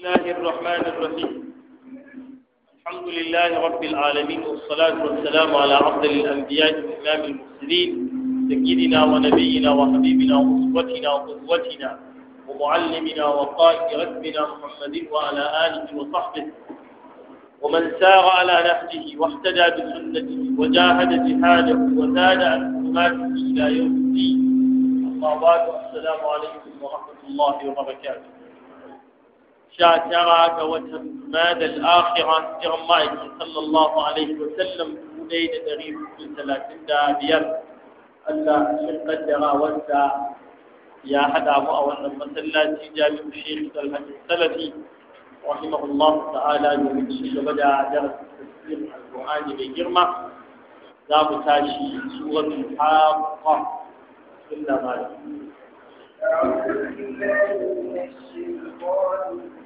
الله الرحمن الرحيم الحمد لله رب العالمين والصلاة والسلام على أفضل الأنبياء وإمام المرسلين سيدنا ونبينا وحبيبنا وأسوتنا وقدوتنا ومعلمنا وقائد ربنا محمد وعلى آله وصحبه ومن سار على نهجه واهتدى بسنته وجاهد جهاده وزاد عن حكماته إلى يوم الدين أما بعد السلام عليكم ورحمة الله وبركاته شاترا قوتهم ماذا الآخرة جرمائك صلى الله عليه وسلم وليد دريب في ثلاثين دابير ألا شرق الدراوسة يا حدا أبو أولا مسلاتي جامع الشيخ الحج السلفي رحمه الله تعالى من الشيخ بدأ درس تفسير القرآن بجرمة ذاب تاشي سورة الحاقة إلا ما أعوذ بالله من الشيطان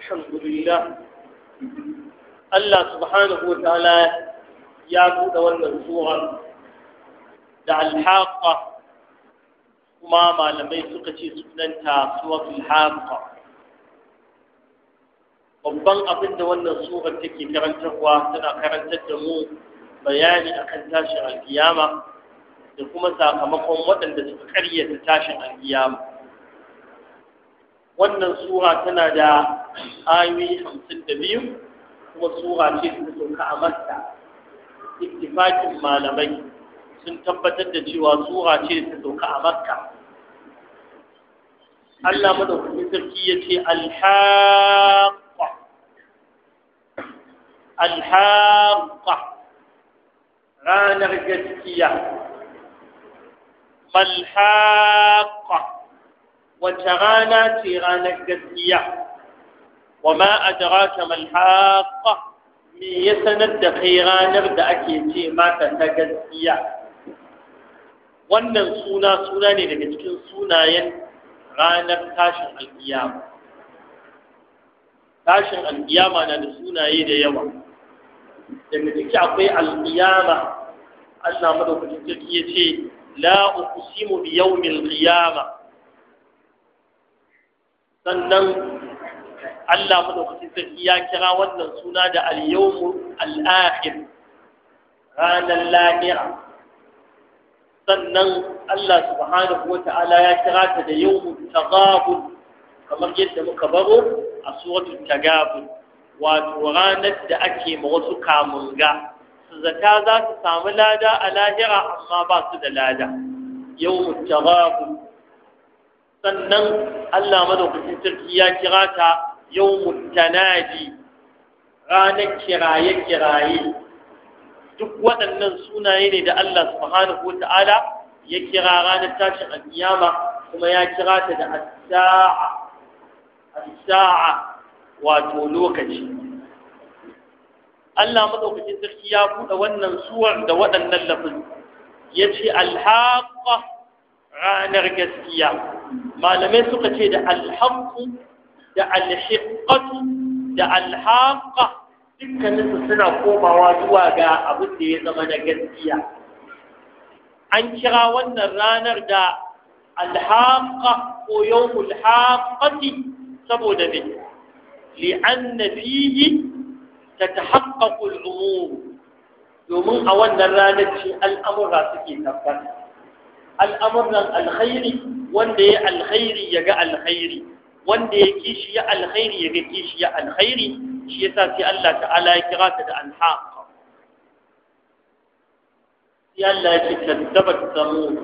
الحمد لله الله سبحانه ya يا بود والمنصورة دع الحاقة وما ما لم يسقطي سننتا سورة الحاقة babban abin da wannan surar take karantarwa tana karantar da mu bayani akan tashin alkiyama da kuma sakamakon waɗanda suka karyata tashin alkiyama wannan sura tana da ayoyi hamsin da biyu kuma sura ce ta sauka a makka ittifakin malamai sun tabbatar da cewa sura ce ta sauka a makka Allah madaukakin sarki ya ce alhaqa alhaqa ranar gaskiya malhaqa Wace rana ce ranar gaskiya wa ma adraka mal me ya sanar da kai ranar da ake ce mata ta gaskiya wannan suna suna ne daga cikin sunayen ranar tashin alƙiyama. tashin alƙiyama na da sunaye da yawa daga ciki akwai alkiyama Allah madaukakin sarki ya ce la uqsimu bi yawmil qiyamah sannan Allah madaukakin sarki ya kira wannan suna da al-yawmu al-akhir ranar lahira sannan Allah subhanahu wa ta'ala ya kira ta da yawmu tagabun kamar yadda muka baro a suratul tagabun wato ranar da ake ma wasu kamunga su zata za su samu lada a lahira amma ba su da lada yawmu tagabun sannan Allah madaukakin sarki ya kira ta yawmut tanadi ranar kiraye kiraye duk waɗannan sunaye ne da Allah subhanahu wata'ala ya kira ranar tashin alkiyama kuma ya kira ta da as-sa'a as-sa'a wato lokaci Allah madaukakin sarki ya buɗe wannan suwar da waɗannan lafin ya ce alhaƙa ranar gaskiya malamai suka ce da alhaku da alhiqqatu da alhaqa dukkaninsu suna komawa zuwa ga abin da ya zama na gaskiya an kira wannan ranar da alhaka ko yawmul haqati saboda me li'anna fihi tatahaqqaqu al'umur domin a wannan ranar ce al'amura suke tabbata al'amuran alkhairi wanda ya alkhairi ya ga alkhairi wanda ya kishi ya alkhairi ya ga kishi ya alkhairi shi yasa sai Allah ta'ala ya kira ta da alhaq sai Allah ya ce kadzabat samud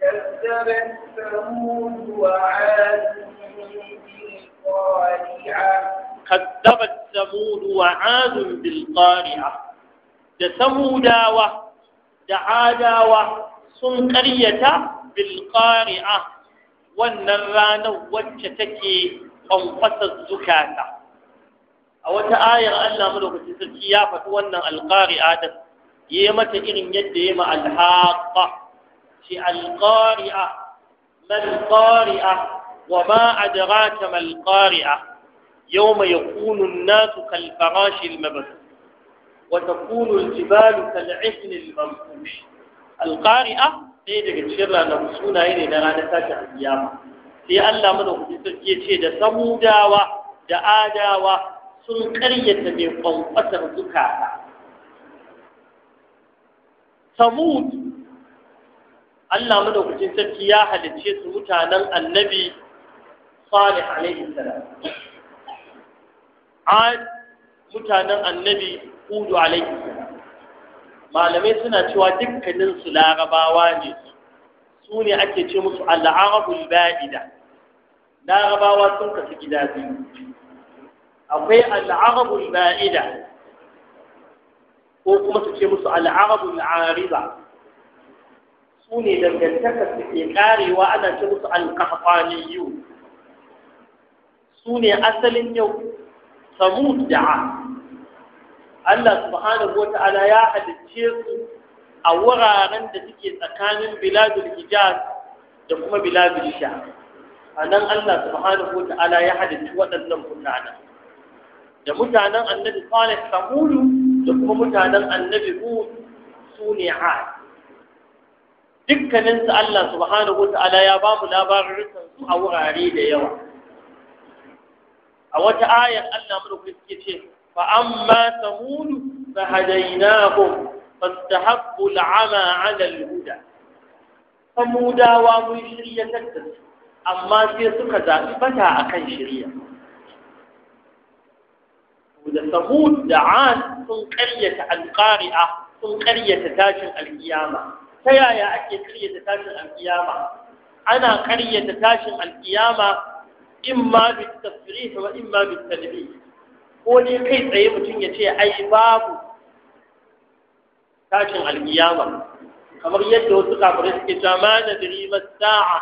kadzabat samud wa 'ad kadzabat samud wa 'ad bil qari'ah da samudawa da adawa sun karyata. bilqari'a wannan ranar wacce take kwankwasa zukata a wata ayar Allah madaukakin sarki ya faɗi wannan alqari'a da yi mata irin yadda ya ma alhaqa shi alqari'a mal qari'a wa ma adraka mal qari'a يوم يكون الناس كالفراش المبثوث وتكون الجبال كالعهن المنفوش القارئة ɗaya daga cikin ranar sunaye ne na ranar tashin alkiyama sai Allah mana kuɗi sarki ya ce da samudawa da adawa sun karyata mai ƙwanƙwatar zukata samud Allah madaukakin sarki ya halicce su mutanen annabi Salih alaihi salam ad mutanen annabi Hudu alaihi salam malamai suna cewa dukkanin su larabawa ne su ne ake ce musu al'arabul ba'ida larabawa sun kasu gida biyu akwai al'arabul ba'ida ko kuma su ce musu al'arabul ariba su ne dangantaka su ke karewa ana ce musu alkafaniyu su ne asalin yau samun da'a Allah subhanahu wa ta'ala ya halicce su a wuraren da suke tsakanin biladul hijaz da kuma biladul sha a nan Allah subhanahu wa ta'ala ya halicci waɗannan mutanen da mutanen annabi salih samulu da kuma mutanen annabi Hu su ne dukkaninsu Allah subhanahu wa ta'ala ya ba mu labarin su a wurare da yawa a wata 'a'yan Allah mu da ce فأما ثمود فهديناهم فاستحبوا العمى على الهدى ثمودا ومن شرية تكتب أما في سكتا فتا أكن شرية ثمود دعان قرية القارئة قرية تاج القيامة فيا يا أكي قرية تاج القيامة أنا قرية تاج القيامة إما بالتصريح وإما بالتنبيه ko ni kai tsaye mutum ya ce ai babu tashin alkiyama kamar yadda wasu kafirai suke cewa ma nadri sa'a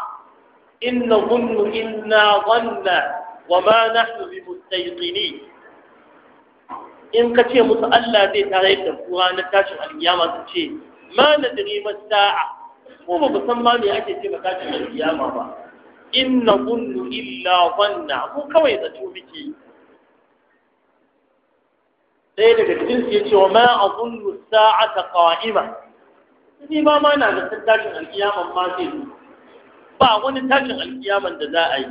in nadhunnu inna wanna wa ma nahnu bimustayqinin in ka ce musu Allah zai tare da kuwa na tashin alkiyama su ce ma nadri sa'a ko ba ku san ma me ake ce ba tashin alkiyama ba in nadhunnu illa wanna ko kawai zato muke yi sai daga cikin su yace wa ma azunnu sa'ata qa'ima ni ba ma na da tashin alkiyaman ma sai ba wani tashin alkiyaman da za a yi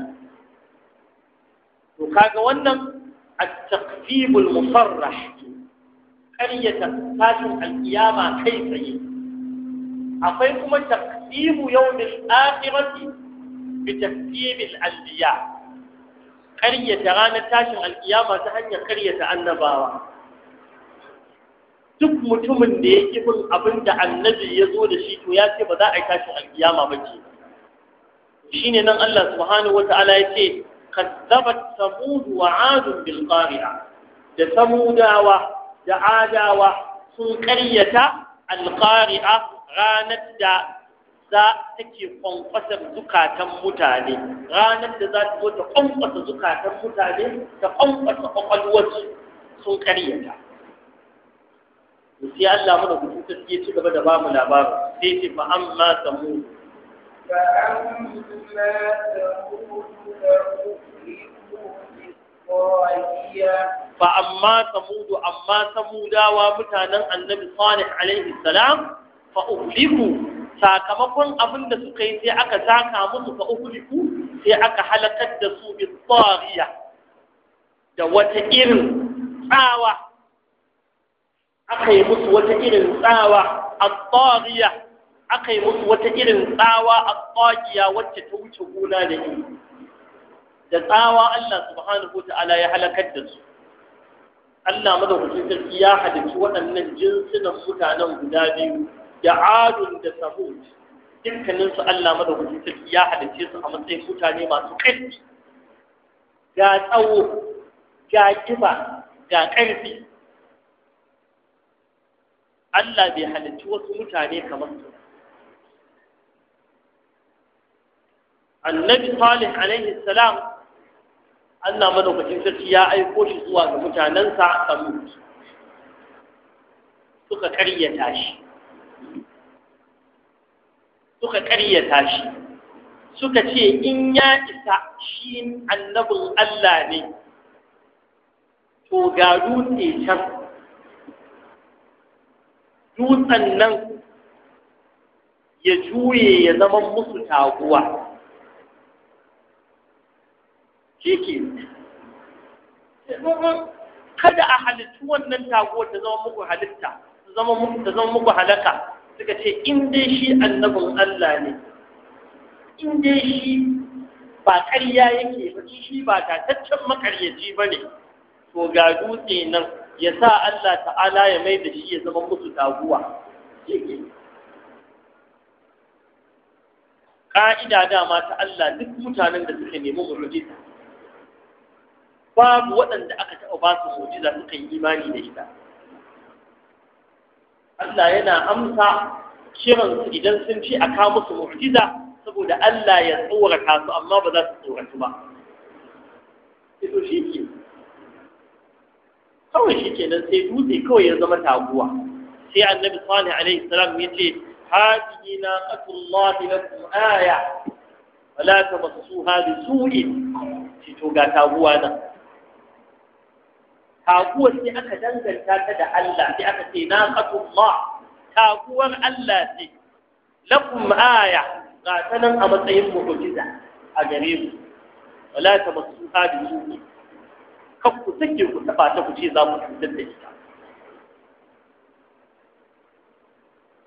to kaga wannan at-taqfibul mufarrah ƙaryata tashin alkiyama kai tsaye akwai kuma taqdimu yawmil akhirati bi taqdimil anbiya ƙaryata ranar tashin alkiyama ta hanyar ƙaryata annabawa duk mutumin da ya ƙi bin abin da annabi ya zo da shi to ya ce ba za a yi tashin alkiyama ba ce shi ne nan Allah subhanahu wa ta'ala ya ce kazzabat samudu wa adun bil qari'a da samudawa da adawa sun ƙaryata al qari'a ranar da za ta ke kwankwasa zukatan mutane ranar da za ta zo ta kwankwasa zukatan mutane ta kwankwasa kwakwalwarsu sun ƙaryata to sai Allah mu da kudu ta ci gaba da ba mu labarin sai ce amma samu fa amma samu fa amma samudu amma samudawa mutanen annabi salih alaihi salam fa uhliku sakamakon abin da suka yi sai aka saka musu fa uhliku sai aka halakar da su bi tsariya da wata irin tsawa aka yi musu wata irin tsawa a taghiya aka yi musu wata irin tsawa a taghiya wacce ta wuce gona da ni da tsawa Allah subhanahu ta'ala ya halakar da su Allah madaukakin sarki ya halicci waɗannan jinsunan mutanen guda biyu da adun da samud dukkanin su Allah madaukakin sarki ya halicce su a matsayin mutane masu ƙarfi ga tsawo ga kiba ga ƙarfi Allah bai halicci wasu mutane kamar su annabi salih alaihi salam Allah madaukakin sarki ya aiko shi zuwa ga mutanensa samu suka karyata shi suka karyata shi suka ce in ya isa shi annabin Allah ne to ga dutse can dutsen nan ya juye ya zama musu taguwa shi kada a halittu wannan taguwar ta zama muku halitta ta zama muku halaka suka ce in dai shi annabin Allah ne in dai shi ba ƙarya yake ba shi ba tataccen makaryaci ba ne to ga dutse nan ya sa Allah ta'ala ya mai da shi ya zama musu taguwa ƙa'ida dama ta Allah duk mutanen da suka nemi mu'jiza babu waɗanda aka taɓa ba su mu'jiza suka yi imani da ita Allah yana amsa kiransu idan sun ce a kawo musu mu'jiza saboda Allah ya tsorata su amma ba za su tsoratu ba. Ito shi ke kawai shi ke nan sai dutse kawai ya zama taguwa sai annabi salih alaihi salam ya ce hadihi na atullahi lakum aya wala masu tamassuha bi su'in shi to ga taguwa nan taguwar sai aka danganta ta da Allah sai aka ce na atullah taguwar Allah ce lakum aya ga ta nan a matsayin mu'jiza a gare mu wala masu tamassuha bi su'in kan ku sake ku taɓa ta ku ce za ku cutar da ita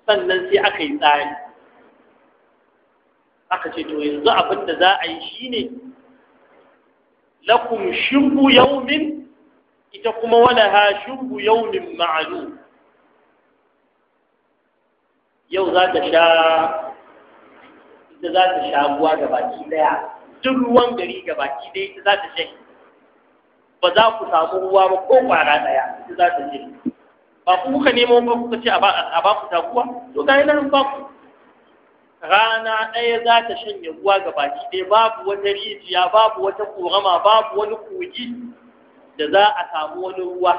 sannan sai aka yi tsari aka ce to yanzu abin da za a yi ne lakum shubu yaumin ita kuma ha shubu yaumin ma'alu yau za ta sha ita za ta sha ruwa ga baki daya duk ruwan gari ga baki daya ita za ta sha ba za ku samu ruwa ba ko kwara daya sai za ta je ba ku kuka nemo ba kuka ce a ba ku takuwa to ga nan ba ku rana ɗaya za ta shanye ruwa ga baki ɗaya babu wata rijiya babu wata korama babu wani kogi da za a samu wani ruwa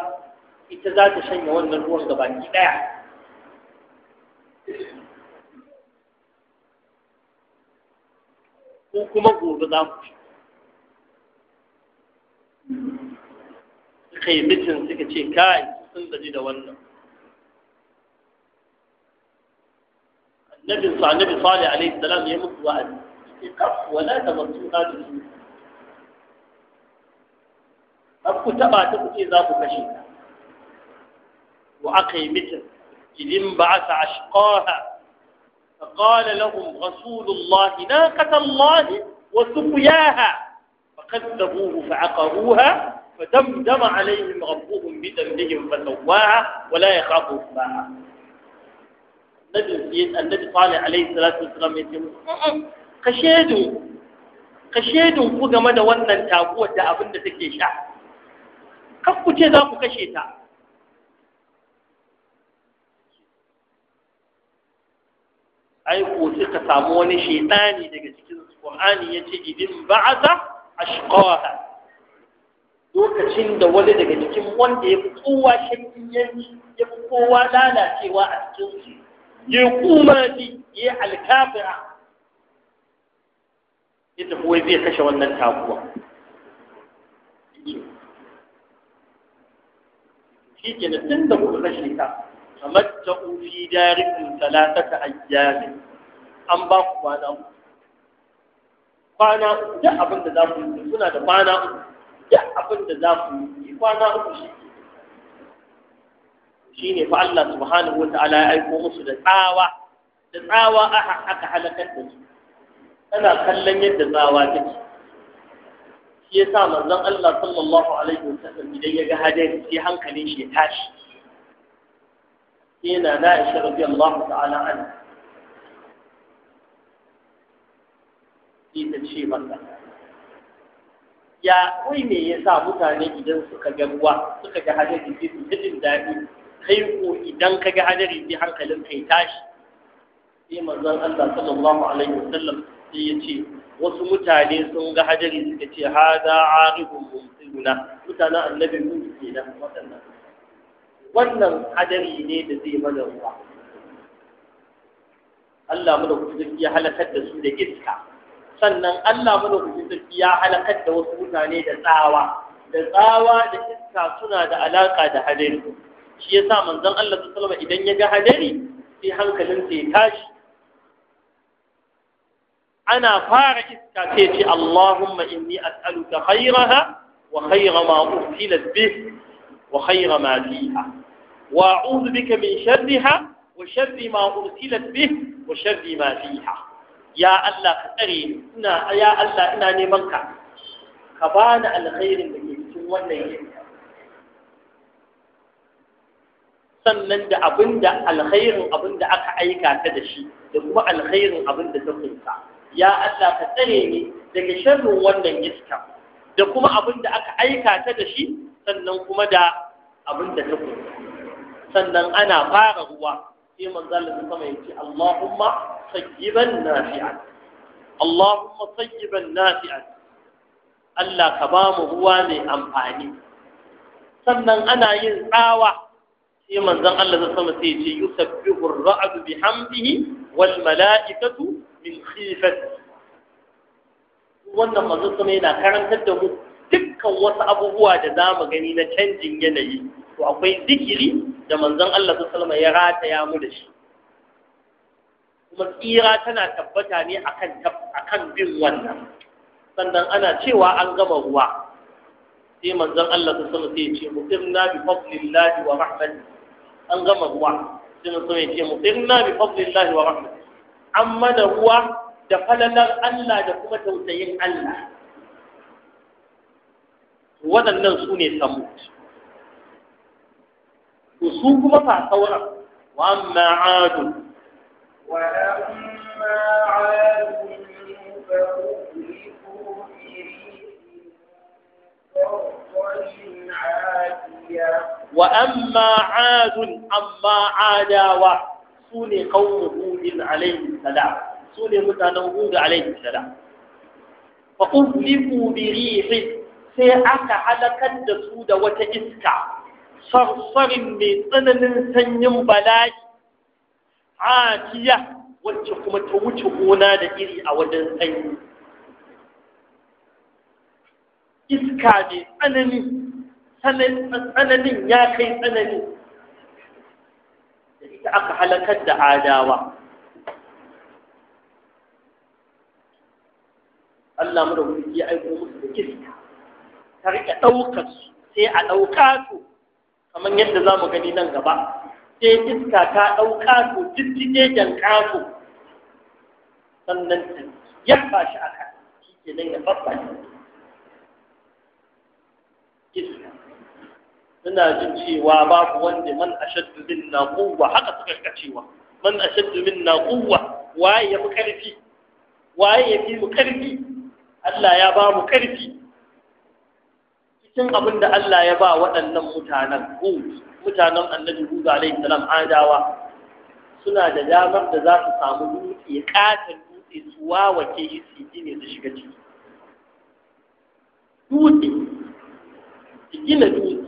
ita za ta shanye wannan ruwan ga baki ɗaya ko kuma gobe za ku shi suka yi mitin suka ce kai sun gaji da wannan annabi sa annabi sali alayhi salam ya mutu wa ali kaf wala tamassuna da su har ku taba ta ku ce za ku kashe ta wa aka yi mitin idin ba'atha ashqaha فقال لهم رسول الله ناقة الله وسقياها فكذبوه فعقروها فدمدم عليهم ربهم بذنبهم فسواها ولا يخاف عقباها النبي النبي صالح عليه الصلاه والسلام يقول كشيدو kashedin ku game da wannan taguwar da abin da take sha kan ku ce za ku kashe ta ai ko suka samu wani shaitani daga cikin Qur'ani ce idin ba'atha ashqaha lokacin da wani daga cikin wanda ya fi kowa shakkiyanci ya fi kowa lalacewa a cikin su ya kuma kumani ya alkafira ya tafi wai zai kashe wannan taguwa shi ke na tun da kuka kashe ta kamar ta ufi talata ta ayyami an ba ku kwana uku kwana uku duk abin da za ku yi suna da kwana uku duk abin da za ku yi kwana uku shi shi ne fa Allah subhanahu wa ta'ala ya aiko musu da tsawa da tsawa aka halakar da su tana kallon yadda tsawa take shi yasa manzon Allah sallallahu alaihi wa sallam idan ya ga hadari sai hankalin shi ya tashi sai na Aisha radiyallahu ta'ala anha sai ta ce masa ya kai me yasa mutane idan suka ga ruwa suka ga hadari sai su ji jin daɗi kai ko idan ka ga hadari sai hankalin kai tashi sai manzon Allah sallallahu alaihi wasallam sai ya ce wasu mutane sun ga hadari suka ce hada aribun mumtiruna mutanen annabi mun nan wadannan wannan hadari ne da zai mana ruwa Allah mu da kuɗi ya halakar da su da iska sannan Allah madaukakin sarki ya halakar da wasu mutane da tsawa da tsawa da iska suna da alaka da hadari shi yasa manzon Allah sallallahu alaihi idan ya ga hadari sai hankalin sa ya tashi ana fara iska sai ce Allahumma inni as'aluka khayraha wa khayra ma ursilat bih wa khayra ma fiha wa a'udhu bika min sharriha wa sharri ma ursilat bih wa sharri ma fiha ya Allah ka tsare ina ya Allah ina neman ka ka bani alkhairin da ke cikin wannan yini sannan da abinda alkhairin abinda aka aika ta da shi da kuma alkhairin abinda ta kunsa ya Allah ka tsare ni daga sharrin wannan iska da kuma abinda aka aika ta da shi sannan kuma da abinda ta kunsa sannan ana fara ruwa sai manzo sama ya sama yace Allahumma sayyiban nafi'an Allahumma sayyiban nafi'an Allah ka ba mu ruwa mai amfani sannan ana yin tsawa sai manzon Allah ya sama sai yace yusabbihu ar-ra'd bihamdihi wal mala'ikatu min khifati wannan manzon sama yana karantar da mu dukkan wasu abubuwa da za mu gani na canjin yanayi to akwai zikiri da manzon Allah sallallahu alaihi ya rataya mu da shi kuma tsira tana tabbata ne akan akan bin wannan sannan ana cewa an gama ruwa sai manzon Allah sallallahu alaihi ya ce mutimna bi fadlillahi wa rahmatihi an gama ruwa sai manzon ya ce na bi fadlillahi wa rahmatihi amma da ruwa da falalar Allah da kuma tausayin Allah waɗannan su ne samut su kuma fa وأما عاد وأما عاد وأما عاد أما عاد سوني قوم هود عليه السلام سوني متانا هود عليه السلام فأهلكوا بريح سيأك كد سود وتإسكا sarsarin mai tsananin sanyin bala'i atiya wacce kuma ta wuce gona da iri a wajen sanyi iska mai tsanani tsananin ya kai tsanani da ita aka halakar da adawa Allah mu da wuri ya aiko musu da iska ta rike ɗaukar su sai a ɗauka su kamar yadda za mu gani nan gaba sai iska ta ɗauka su jijjige yanka su sannan ta yabba shi a kan shi ke nan ya babba iska suna jin cewa babu wanda man a ashaddu na kowa. haka suka ga cewa man ashaddu na quwwa waye ya fi karfi waye ya fi mu karfi Allah ya ba mu karfi cikin abin da Allah ya ba waɗannan mutanen ku mutanen annabi Musa alaihi salam adawa suna da damar da za su samu dutse katon dutse su wawace shi su gine su shiga ciki dutse su gina dutse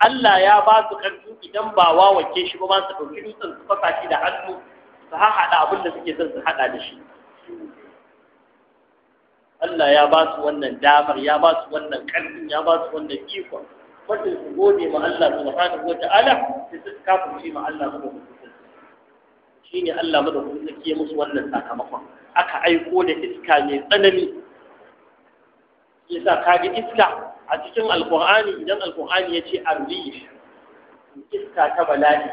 Allah ya ba su ƙarfi idan ba wawace shi ba ma su ɗauki dutsen su fasa shi da hannu su haɗa abin da suke son su haɗa da shi Allah ya ba su wannan damar ya ba su wannan karfin ya ba su wannan ikon wanda su gode ma Allah subhanahu wa ta'ala sai su kafirce ma Allah subhanahu Shi ne Allah madaukakin sarki ya musu wannan sakamakon aka aiko da iska mai tsanani yasa kaga iska a cikin alqur'ani idan alqur'ani ya ce arrih iska ta bala'i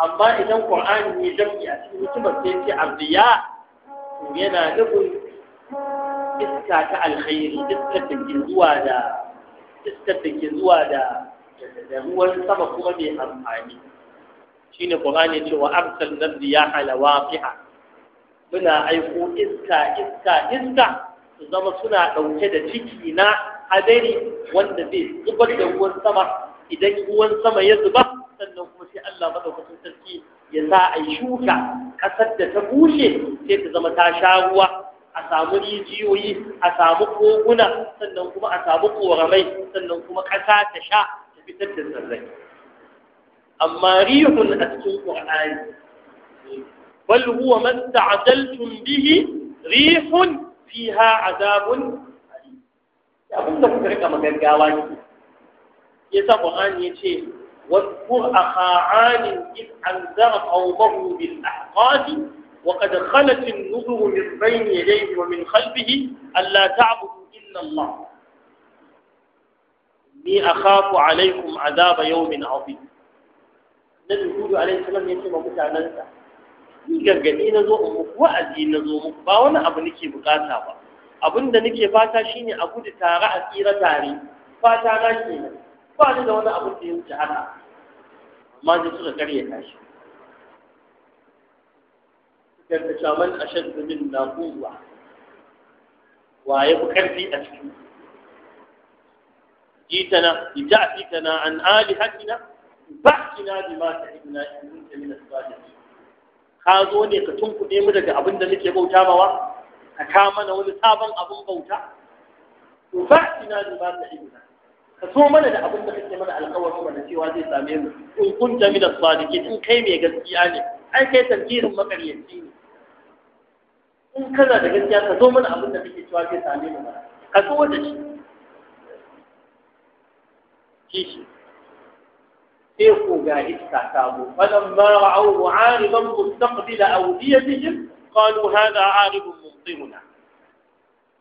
amma idan qur'ani ne jam'i a cikin hikimar sai ya ce arriya to yana nufin iska ta alkhairi iskar da ke zuwa da iskar da ke zuwa da da ruwan sama kuma mai amfani shine qur'ani ce wa ya riyaha lawaqiha muna aiko iska iska iska su zama suna dauke da ciki na hadari wanda zai zubar da ruwan sama idan ruwan sama ya zuba sannan kuma sai Allah madaukakin sarki ya sa a shuka kasar da ta bushe sai ta zama ta sha ruwa a samu rijiyoyi a samu koguna sannan kuma a samu koramai sannan kuma ƙasa ta sha ta fitar da tsirrai amma rihun a cikin ƙur'ani bal huwa man ta'adaltum bihi rihun fiha azabun abin da kuka rika magaggawa ne yasa qur'ani yace واذكر أخا عاد إذ أنذر قومه بالأحقاف وقد خلت النذر من بين يديه ومن خلفه ألا تعبدوا إلا الله إني أخاف عليكم عذاب يوم عظيم النبي يقول عليه السلام يسمى متعننسا ni gargaɗi na zo in muku wa'azi na zo muku ba wani abu nake bukata ba abin da nake fata shine a gudu tare a tsira tare fata na kenan ba ni da wani abu da ya wuce haka amma sai suka karya tashi shaman a shan zumin na kuwa wa ya fi karfi a cikin jitana jitana an ali Ba alihatina ba'tina bima ta'idna in kunta min da salihin ka zo ne ka tunkuɗe mu daga abin da muke bauta mawa ka ka mana wani sabon abin bauta to ba'tina ta ta'idna ka so mana da abin da kake mana alƙawarin mana cewa zai same mu in kunta min da ke, in kai mai gaskiya ne ai kai tafiyar makaryaci ne in kana da gaskiya ka zo mana abin da kake cewa zai same mu ba ka zo da shi kishi sai ku ga iska ta zo fadan ma ra'au mu'ariban mustaqbil awdiyatihim qalu hadha 'aribun mumtiruna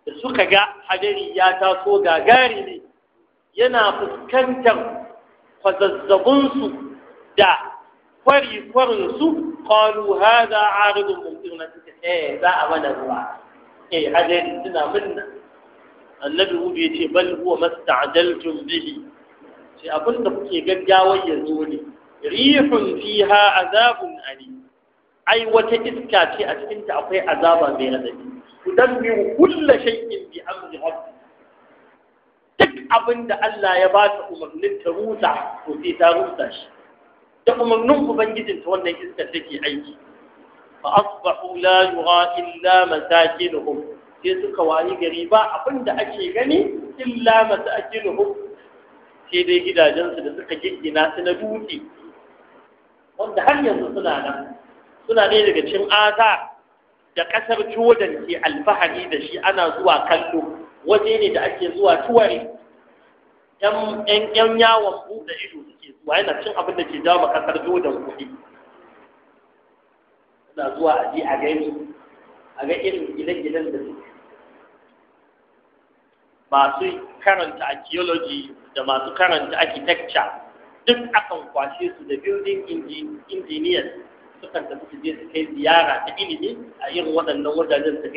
da suka ga hadari ya taso gagari ne yana fuskantar kwazazzabunsu da kwari kwarin su qalu mutum na mumtirna eh za a mana ruwa eh hadari suna minna annabi hudu ya ce bal huwa masta'jaltum bihi sai abin da kuke gaggawar zo ne rihun fiha azabun alim ai wata iska ce a cikin ta akwai azaba mai radadi tudammiru kullu shay'in bi amri rabbi duk abin da Allah ya ba ta umarnin ta rusa to sai ta rusa shi da umarnin ta wannan iskar take aiki fa asbahu la yura illa masakinuhum sai suka wayi gari ba abinda ake gani illa masakinuhum sai dai gidajensu da suka giggina su na dutse wanda har yanzu suna nan suna ne daga cin aza da ƙasar jordan ke alfahari da shi ana zuwa kallo waje ne da ake zuwa tuwari 'yan yawon buɗe ido suke zuwa yana cin abin da ke jawo ƙasar kasar da kuɗi suna zuwa a ji a gani a ga irin gine-ginen da suke masu karanta archaeology da masu karanta architecture duk akan kwashe su da building engineers sukan tafi su je su kai ziyara ta ilimi a irin waɗannan wajajen su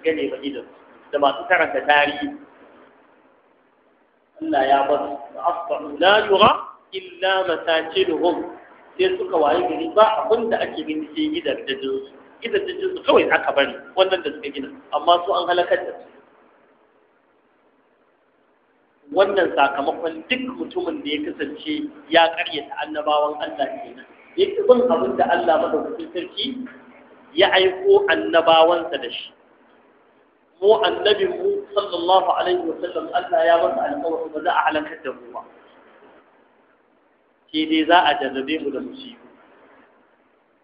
gane mai idan da masu karanta tarihi Allah ya bar su asbahu la yura illa masakinuhum sai suka waye gari ba abin da ake gani sai gidajen su gidajen su kawai aka bari wannan da suka gina amma su an halakar da su wannan sakamakon duk mutumin da ya kasance ya karya ta annabawan Allah ke nan. kenan yake bin abin da Allah madaukakin sarki ya aiko annabawansa da shi mu annabin mu sallallahu alaihi wa sallam Allah ya masa alƙawari ba za a halakar da mu ba sai dai za a jarrabe mu da musibu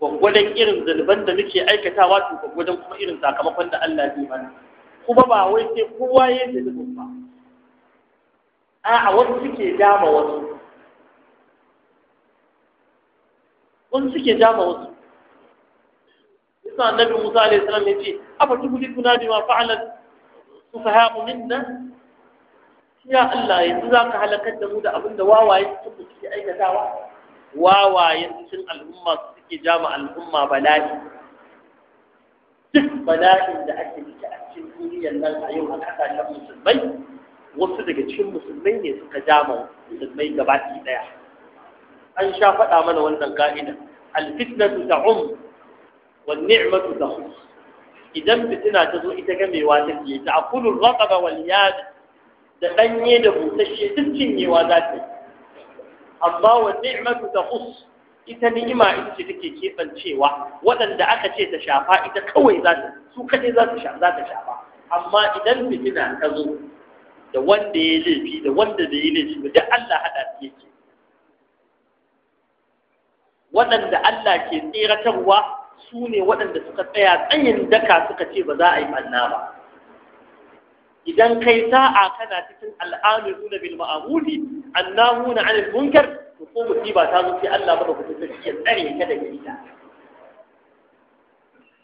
gwaggwadon irin zunuban da muke aikatawa to gwaggwadon kuma irin sakamakon da Allah zai mana kuma ba wai sai kowa ya zunubin ba a'a wasu suke dama wasu wasu suke dama wasu yasa annabi Musa alaihi salam ya ce afa tuhlikuna bima fa'alat sufaha'u minna ya Allah yanzu za ka halakar da mu da abin da wawaye suke aikatawa wawaye cikin al'umma suke jama al'umma bala'i duk bala'in da ake ciki a cikin duniyar nan a yau a kasashen musulmai wasu daga cikin musulmai ne suka jama musulmai gabaki daya an sha faɗa mana wannan ka'ida al-fitnatu ta'um wan ni'matu ta'um. idan fitina ta zo ita gamewa take ta akulu raqaba wal yad da danye da busasshe duk cinyewa za ta amma wa ni'matu khus ita ni'ima ita ce take kebancewa waɗanda aka ce ta shafa ita kawai za ta su kadai za ta shafa za ta shafa amma idan fitina ta zo da wanda ya laifi da wanda bai yi laifi ba Allah hada su yake waɗanda Allah ke tseratarwa su ne waɗanda suka tsaya tsayin daka suka ce ba za a yi manna ba idan kai sa'a kana cikin al'amiru na bil ma'amuli annahu na anil munkar to ko ba ta zo Allah ba ba kuɗin da ya tsare ka da ita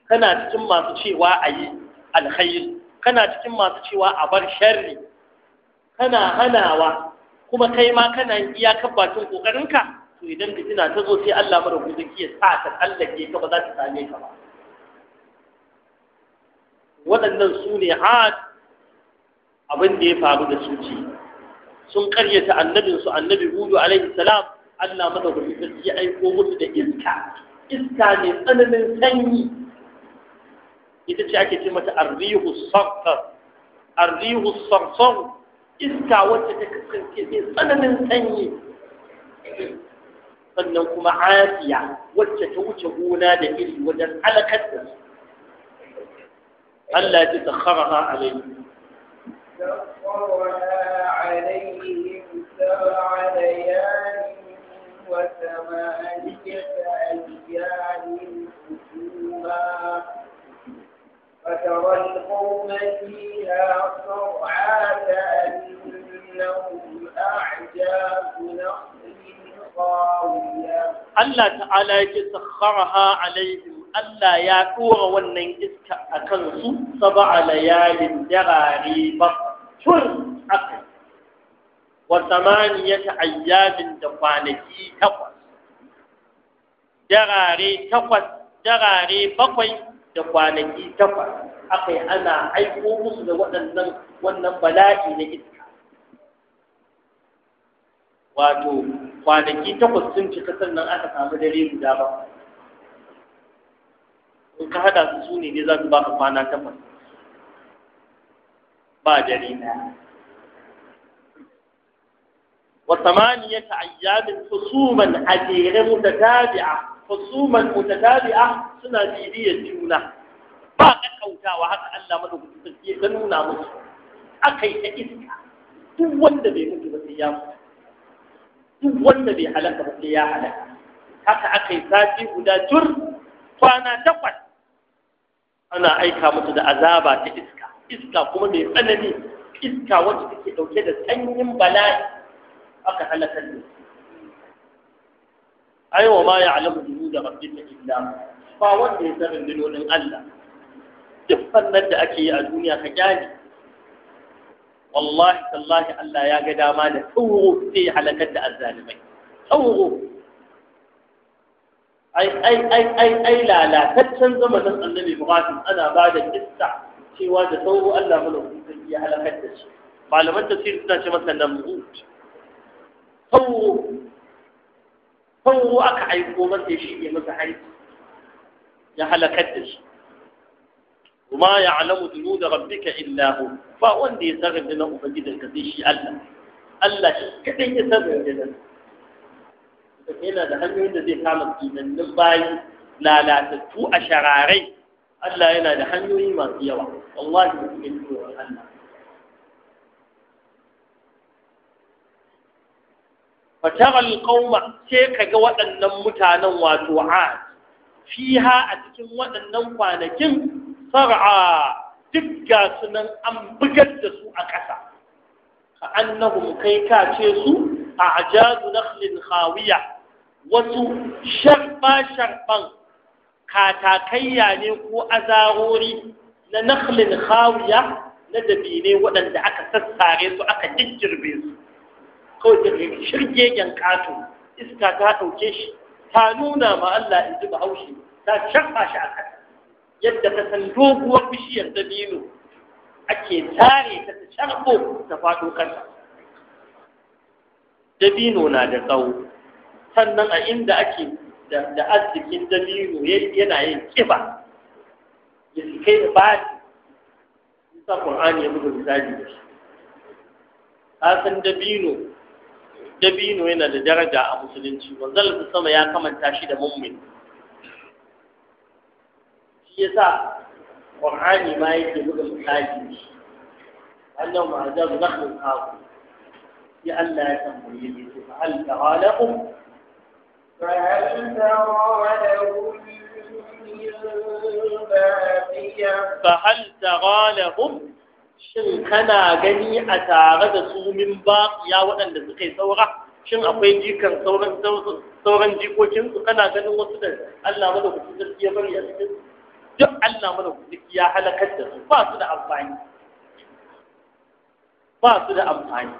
kana cikin masu cewa a yi alkhairi kana cikin masu cewa a bar sharri kana hanawa kuma kai ma kana yin iyakar bakin kokarinka to idan fitina ta zo sai Allah mara guzaki ya sa ta kallake ka ba za ta same ka ba waɗannan su ne ad abin da ya faru da su ce sun karyata annabinsu annabi hudu alaihi salam Allah mara guzaki ya aiko musu da iska iska ne tsananin sanyi ita ce ake ce mata arrihu sarfar arrihu sarfar iska wacce ta kasance mai tsananin sanyi sannan kuma afiya wacce ta wuce gona da iri wajen alakar da su Allah ya ta kharaha alaihi فترى القوم فيها صرعى كأنهم أعجاب نخل Allah ta'ala ya ce sakharaha alaihim Allah ya dora wannan iska a kansu sab'a layalin jarari ba tun aka wa samaniyata ayyamin da kwanaki takwas jarare takwas jarare bakwai da kwanaki takwas akai ana aiko musu da waɗannan wannan bala'i na iska wato kwanaki takwas sun cika sannan aka samu dare guda ba in ka haɗa su su ne ne za su baka kwana takwas ba dare na wa samaniyat ayyamin husuman ajere mutatabi'a husuman mutatabi'a suna bibiyar juna ba kakkautawa haka Allah madaukakin sarki ya nuna musu akai ta iska duk wanda bai mutu ba sai ya mutu duk wanda bai halaka ba sai ya halaka haka aka yi sati guda jur kwana takwas ana aika mutu da azaba ta iska iska kuma mai tsanani iska wacce take dauke da sanyin bala'i aka halakar da su aiwa ma ya alamu da rabbika illa ba wanda ya sanin dinonin Allah duk fannin da ake yi a duniya ka gane والله تالله ألا يا قدامان ثوغوا في حلقة الظالمين ثوغوا أي أي أي أي أي لا لا تتشن زمن النبي مغاتم أنا بعد التسع في واجه ثوغوا ألا ملو في حلقة الشيء معلومة تصير تناشي مثلا نموت ثوغوا ثوغوا أكعي قومتي شيء مثل حيث يا حلقة الشيء وما يعلم جنود ربك إلا هو فأون دي سرد لنا أفجد الكثير الله الله كثير سرد لنا yana da hanyoyin da zai kama tsinannin bayi lalatattu a shararai Allah yana da hanyoyi masu yawa wallahi da ya fito Allah fataral qauma sai kaga waɗannan mutanen wato a fiha a cikin waɗannan kwanakin sar'a duk ga sunan an bugar da su a ƙasa ka annahum kai ka ce su a ajazu nakhlin khawiya wasu sharba sharban katakayya ne ko azarori na nakhlin khawiya na ne waɗanda aka sassare su aka jirgirbe su kawai da shirgegen ƙato iska ta ɗauke shi ta nuna ma Allah in ji bahaushe ta shafa shi a ƙasa yadda ta san doguwar bishiyar dabino ake tare ta ta sharko ta faɗo kanta dabino na da tsawo sannan a inda ake da arzikin dabino yana yin kiba ya kai da ba sa Qur'ani ya buga misali da shi san dabino dabino yana da daraja a musulunci wanzal sama ya kamanta shi da mummin shi yasa qur'ani ma yake buga misali annahu ma'azabu nahnu al-aqu ya Allah ya tambaye ni to hal ta'alakum فهل ترى لهم فهل ترى لهم shin kana gani a tare da su min baƙiya waɗanda suka yi saura shin akwai jikan sauran jikokinsu kana ganin wasu da Allah mada kusa sarki ya bari a cikin duk Allah mana kuɗi ya halakar da su ba su da amfani ba su da amfani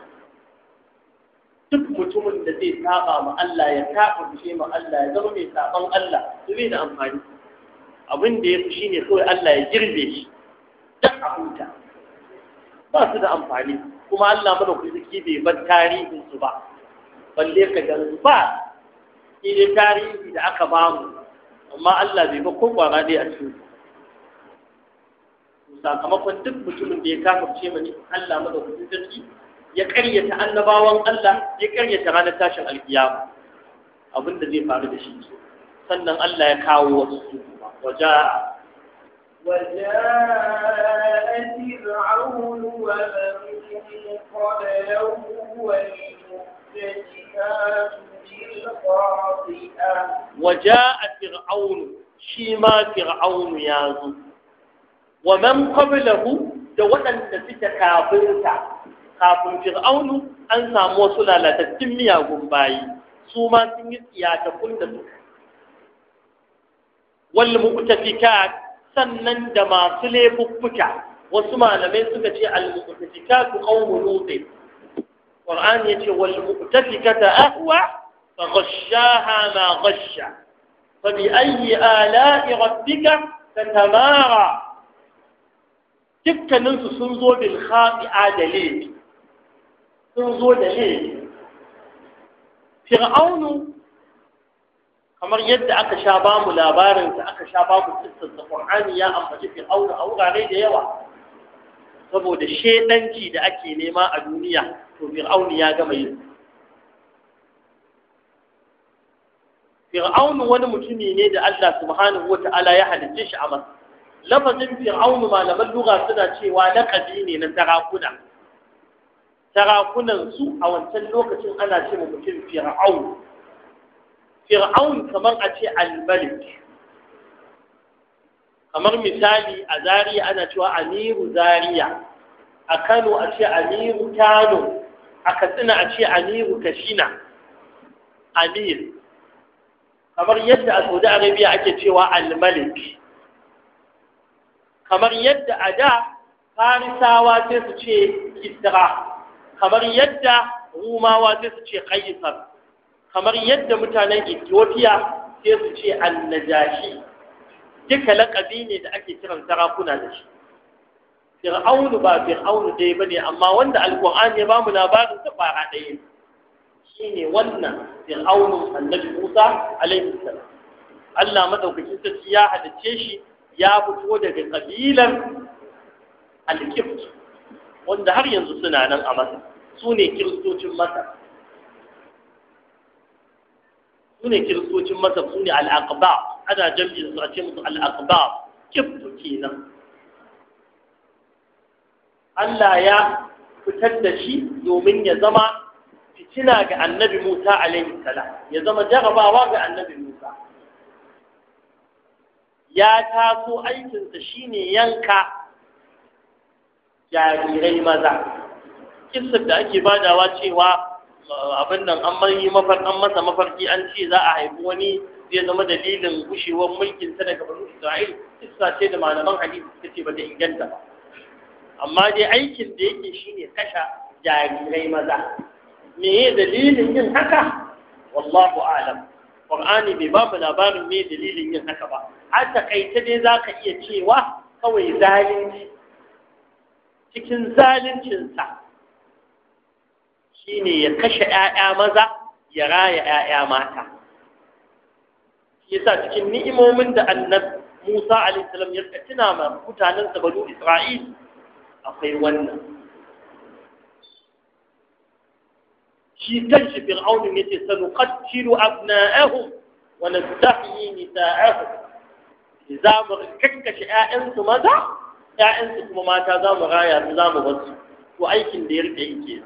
duk mutumin da zai saba ma Allah ya saba shi ma Allah ya zama mai saban Allah su zai da amfani abin da ya fi shine kawai Allah ya girbe shi duk a huta ba su da amfani kuma Allah mana kuɗi bai bar tarihin su ba balle ka ga ba shi ne tarihi da aka bamu amma Allah bai ba ko kwara ne a cikin sakamakon duk mutumin da ya kafirce mu Allah madaukakin sarki ya karyata annabawan Allah ya karyata ranar tashin alkiyama abin da zai faru da shi sannan Allah ya kawo wasu su waja وجاء فرعون ومن قبله والمؤتفكات بالخاطئة وجاء فرعون شيما فرعون يا زوج wa man qablahu da waɗanda suke kafinta kafin fir'aunu an samu wasu lalatattun miyagun bayi su ma sun yi tsiyatakun da suka wal mu'tafikat sannan da masu laifuffuka wasu malamai suka ce al mu'tafikat qawmu lut Qur'an yace wal ta ahwa fa ghashaha ma ghasha fa bi ayyi ala'i rabbika tatamara dukkaninsu sun zo bil da laifi sun zo da laifi fir'aunu kamar yadda aka sha ba mu labarinsa aka sha ba mu kissar qur'ani ya ambaci fir'aunu a wurare da yawa saboda shedanci da ake nema a duniya to fir'aunu ya gama yin fir'aunu wani mutumi ne da Allah subhanahu wata'ala ya halicce shi a masa lafazin fir'aunu malaman lugha suna cewa laƙabi ne na sarakuna sarakunan su a wancan lokacin ana ce mutum fir'aun fir'aun kamar a ce al-malik kamar misali a Zariya ana cewa amiru Zariya, a kano a ce amiru kano a katsina a ce amiru kashina amir kamar yadda a saudi arabia ake cewa al-malik kamar yadda a da farisawa sai su ce kisra kamar yadda rumawa sai su ce kaisar kamar yadda mutanen ethiopia sai su ce annajashi duka laƙabi ne da ake kiran sarakuna da shi fir'aunu ba fir'aunu dai bane amma wanda alqur'ani ya bamu labarin ta fara ɗaya shine wannan fir'aunu annabi Musa alaihi salam Allah madaukakin sarki ya hadace shi ya fito daga ƙabilan alkift wanda har yanzu suna nan a masar su ne kiristocin masar su ne kiristocin masar su ne al'aqba ana jam'in su a ce musu al'aqba kiftu kenan Allah ya fitar da shi domin ya zama fitina ga annabi Musa alaihi salam ya zama jarabawa ga annabi Musa ya taso aikinsa shine yanka jarirai maza kisar da ake badawa cewa uh, abin nan an yi an masa mafarki an ce za a haifi wani zai zama dalilin gushewar mulkin sa daga banu isra'il kissa ce da malaman hadisi suka ce ba da inganta ba amma dai aikin da yake shine kasha jarirai maza me dalilin yin haka wallahu alam qur'ani bai ba mu labarin me dalilin yin haka ba a takaice dai za ka iya cewa kawai zalunci cikin zaluncinsa shi ne ya kashe ‘ya'ya maza ya raya ‘ya'ya mata yasa cikin ni'imomin da annab musa alisalam ya tuna ma mutanen banu isra'il akwai wannan shi shi fir'aunin ya ce sanuqattilu abna'ahum wa nastahyi nisa'ahum za mu kakkashe ‘ya'yansu maza ‘ya'yansu kuma mata za mu raya su za mu basu to aikin da ya rike ke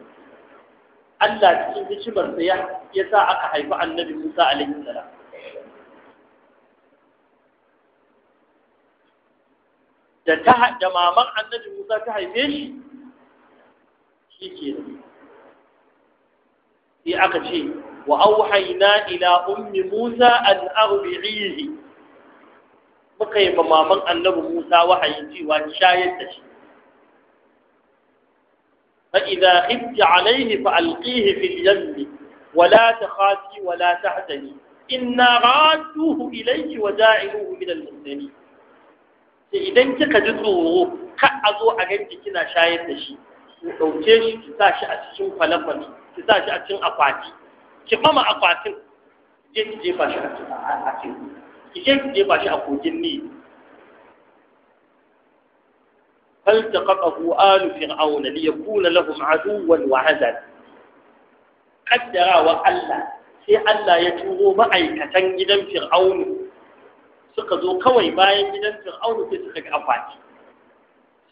Allah cikin hikimarsa ya ya sa aka haifi annabi Musa alaihi salam da ta da maman annabi Musa ta haife shi shi ke da sai aka ce wa auhayna ila ummi Musa an arbi'ihi muka yi maman annabi Musa wahayi cewa shayar da shi fa idza khifti alayhi fa alqihi fil yammi wa la takhafi wa la tahzani inna radduhu ilayki wa ja'iluhu min al-muslimin sai idan kika ji tsoro ka a zo a ganki kina shayar da shi ki shi ki sa shi a cikin ki sa shi a cikin ki akwatin je jefa shi a ki je ki jefa shi a kogin ne? ta ni فالتقطه آل فرعون ليكون لهم عدوا وعزا قدر Allah sai Allah ya turo ma'aikatan gidan Fir'aunu suka zo kawai bayan gidan Fir'aunu sai suka ga akwati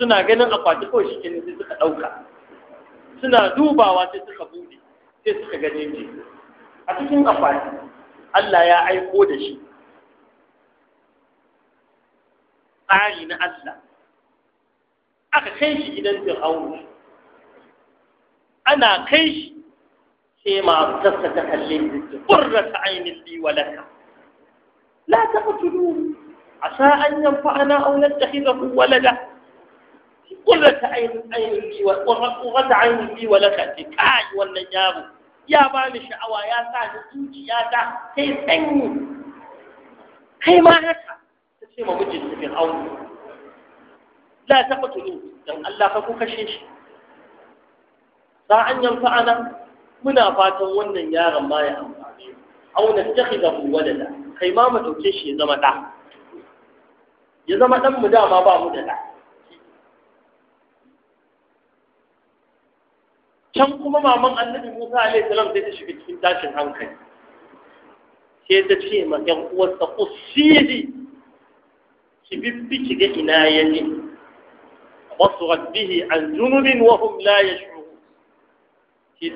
suna ganin akwati kawai shi ne sai suka ɗauka suna dubawa sai suka bude sai suka gane jeje a cikin akwati Allah ya aiko da shi tsari na Allah aka kai shi gidan fir'auna ana kai shi sai matarsa ta kalle shi ta qurrata ainin li wa laka la taqtuluni asa an yanfa'ana aw nattakhidahu walada qurrata ainin ainin li wa qurrata ainin li wa laka kai wannan yaro ya ba ni sha'awa ya sa ni zuciya ta sai sanyi kai ma haka ce ma mijin nufin aunu la ta kutulu don Allah ka ku kashe shi Za an yan fa'ana muna fatan wannan yaron ma ya amfane auna ta kai zafi kai ma mu dauke shi ya zama da. ya zama dan mu dama ba mu da da can kuma maman annabi Musa alaihi salam sai ta shiga cikin tashin hankali sai ta ce ma yan uwarsa kusidi ki bibbi ki ina ya ne wasuwat bihi an junubin wa hum la yashuru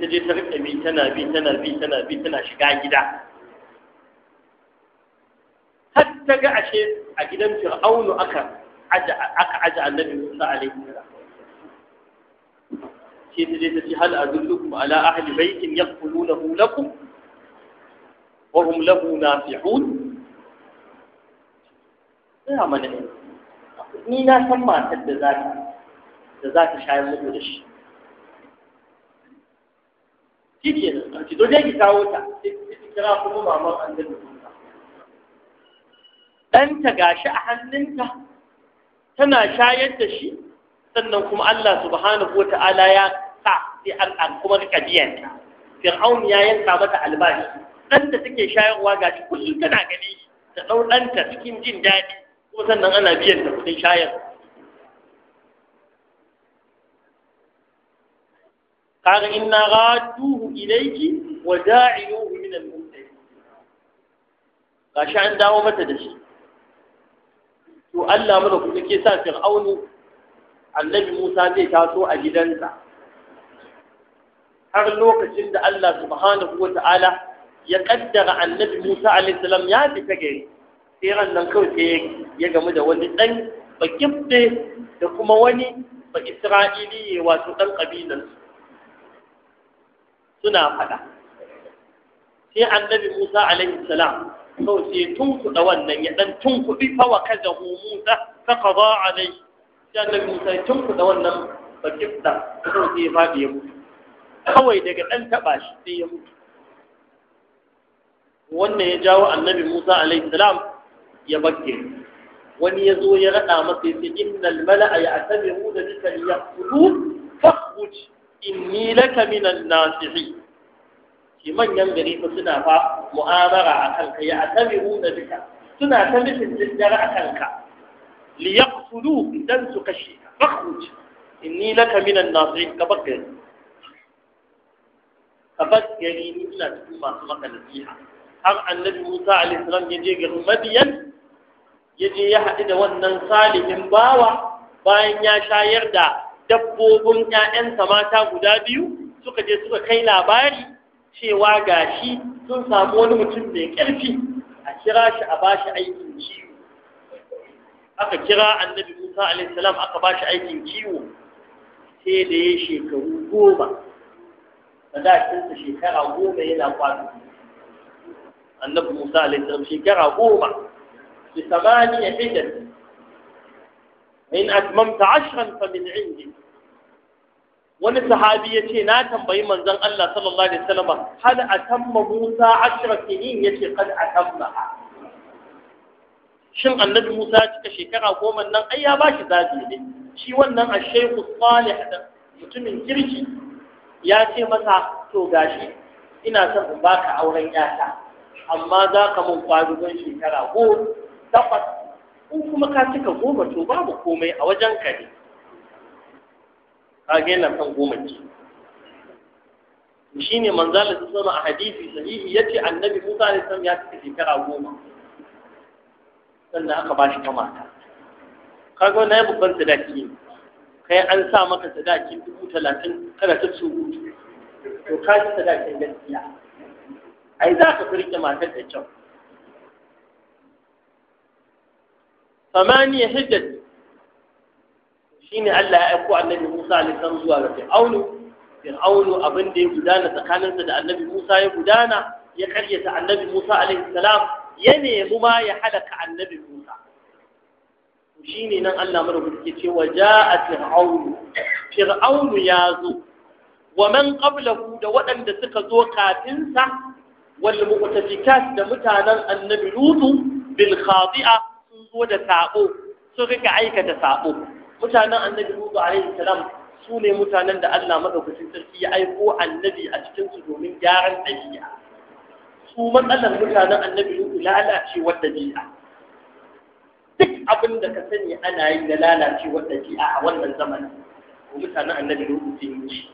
ta je ta rika bi tana bi tana bi tana bi tana shiga gida har ta ga ashe a gidan fir'aunu aka aka aje annabi Musa alaihi salam sai ta je ta ce hal adullukum ala ahli baitin yaqulunahu lakum wa hum tsaya mana ne ni na san matar da za ta da za ta shayar muku da shi shi ke nan ki zo ki kawo ta ki kira kuma maman annabi Musa ɗanta gashi a hannunta tana shayar da shi sannan kuma Allah subhanahu wata'ala ya sa sai an kuma rika biyanta fir'aun ya yanka mata albashi ɗanta take shayarwa gashi kullum tana gani da ɗau ɗanta cikin jin daɗi ko sannan ana biyan da kuɗin shayar kaga inna raduhu ilayki wa da'iluhu min al-mumtari gashi an dawo mata da shi to Allah mu da kuɗi ke sa fir'aunu annabi Musa zai taso a gidansa har lokacin da Allah subhanahu wa ta'ala ya kaddara annabi Musa alaihi salam ya fita gari sai ran nan kawai ya gamu da wani ɗan bakifte da kuma wani ba isra'iliye wato ɗan ƙabilan suna faɗa sai annabi musa alaihi salam kawai sai tunkuɗa wannan ya ɗan tunkuɗi fawa kaza hu musa ta a dai. sai annabi musa ya tunkuɗa wannan bakifta kawai sai ya faɗi ya mutu kawai daga ɗan taɓa shi sai ya mutu wannan ya jawo annabi musa alaihi salam ya bakke wani ya zo ya raɗa masa yace innal mala'a ya'tamiruna bika liyaqtulun fakhruj inni laka minan nasihi shi manyan gari fa suna fa mu'amara akan ka ya'tamiruna duka suna ta nufin dindar akan ka liyaqtulu idan su kashe ka fakhruj inni laka minan nasihi ka bakke ka bakke ni ina cikin masu maka nasiha har annabi Musa alaihi salam ya je garin Madiyan ya je ya haɗu da wannan salihin bawa bayan ya shayar da dabbobin 'ya'yansa mata guda biyu suka je suka kai labari cewa gashi sun samu wani mutum mai ƙarfi a kira shi a ba shi aikin kiwo aka kira annabi musa alaihissalam aka ba shi aikin kiwo sai da ya shekaru goma sadakinsa shekara goma yana kwato annabi musa alaihissalam shekara goma بثمانية حجج إن أتممت عشرا فمن عندي wani sahabi ya ce na tambayi manzon Allah sallallahu alaihi wasallam hal atamma Musa ashra sinin yace kad atamma shin annabi Musa ya cika shekara goma nan ai ya bashi zabi ne shi wannan ash-shaykhu salih da mutumin kirki ya ce masa to gashi ina son in baka auren yata amma za ka mun kwadugon shekara goma takwas in kuma ka cika goma to babu komai a wajen ka ne kage yana kan goma ce shine manzo Allah sallallahu a hadisi sahihi yace annabi Musa alaihi salam ya cika shekara goma sannan aka ba shi mata kago na ya babban sadaki ne kai an sa maka sadaki dubu talatin kana ta surutu to ka sadakin gaskiya ai za ka firke matar da kyau samaniya hijjati shine Allah ya aiko annabi Musa alaihi zuwa ga Fir'aunu fir'aunu abin ya gudana tsakaninsa da annabi musa ya gudana ya karyata annabi musa alaihi salam ya nemi ma ya halaka annabi musa shi ne nan allah marabu ke ce wa ja'a fir'aunu fir'aunu ya zo wa man qablahu da waɗanda suka zo kafinsa wal mu'tafikat da mutanen annabi lutu bil khati'a ko da sabo so kika aikata sabo mutanen annabi Nuhu alaihi salam su ne mutanen da Allah madaukakin sarki ya aiko annabi a cikin su domin gyaran dabi'a su matsalar mutanen annabi Nuhu lalacewar dabi'a duk abin da ka sani ana yi da lalacewar dabi'a a wannan zamanin ko mutanen annabi Nuhu sun yi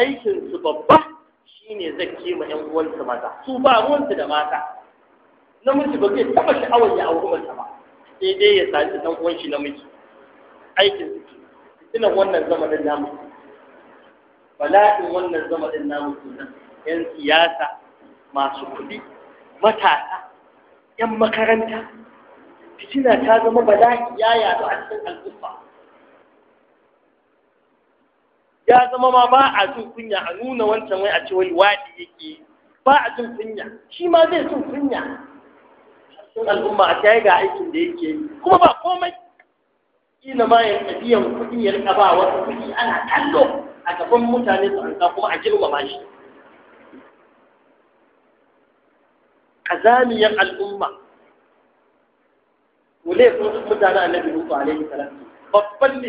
aikin su babba shine zakke ma 'yan uwansu maza su ba ruwansu da mata namiji ba zai taɓa sha'awar ya auri mace ba sai dai ya sami dan uwan shi namiji aikin su ina wannan zamanin namu bala'in wannan zamanin namu kenan yan siyasa masu kuɗi matasa yan makaranta fitina ta zama bala'i ya yaɗu a cikin al'umma ya zama ma ba a jin kunya a nuna wancan wai a ce wai wadi yake ba a jin kunya shi ma zai jin kunya al'umma a tayi ga aikin da yake yi kuma ba komai kila ma ya biyan kuɗi ya rika ba wasu kuɗi ana kallo a gaban mutane su an kuma a girmama shi kazamiyar al'umma wule sun su mutane annabi Musa alaihi salam babban ne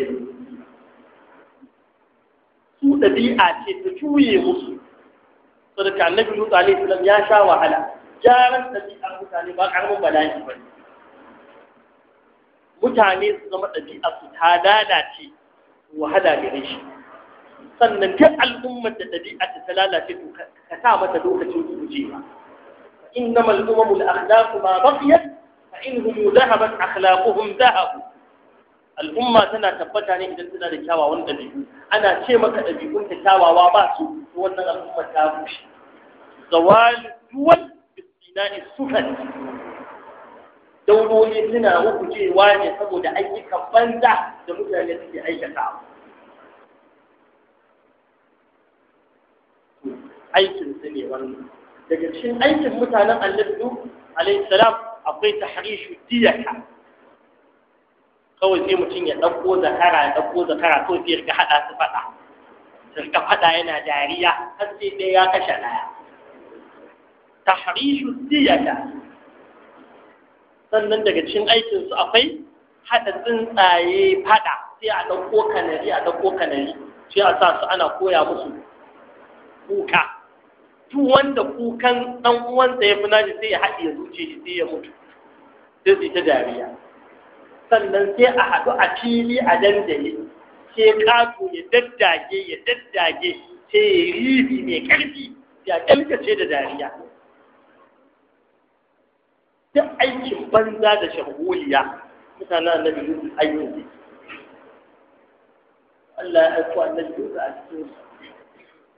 su ɗabi'a ce ta juye musu sadaka annabi Musa alaihi salam ya sha wahala gyaran ɗabi'ar mutane ba ƙaramin bala'i ba ne mutane su zama ɗabi'a su ta lalace wahala gare shi sannan ta al'ummar da ɗabi'a ta lalace to ka sa mata lokacin gujewa إنما الأمم الأخلاق ما بقيت فإنهم ذهبت أخلاقهم ذهبوا al'umma tana tabbata ne idan tana da kyawawan ɗabi'u ana ce maka ɗabi'un ta kyawawa ba su wannan al'ummar ta bushe zawal duwan istisna'i sukan dauloli suna rukucewa ne saboda ayyukan banza da mutane suke aikata aikin su ne wannan daga cikin aikin mutanen annabi alayhi salam akwai tahrishu diyaka kawai sai mutum ya ɗauko zakara ya ɗauko zakara kawai sai ya haɗa su faɗa su fada yana dariya har sai ɗaya ya kashe ɗaya tahrishu siyaka sannan daga cikin aikinsu akwai haɗa tsuntsaye faɗa sai a ɗauko kanari a ɗauko kanari sai a sa su ana koya musu kuka duk wanda kukan ɗan uwansa ya fi naji sai ya haɗe ya zuce shi sai ya mutu sai su ta dariya sannan sai a haɗu a fili a dandali sai ƙato ya daddage ya daddage sai ya ribi mai ƙarfi ya ƙarƙace da dariya duk aikin banza da shagoliya mutanen annabi yusuf aikin ne Allah ya aiko annabi yusuf a cikin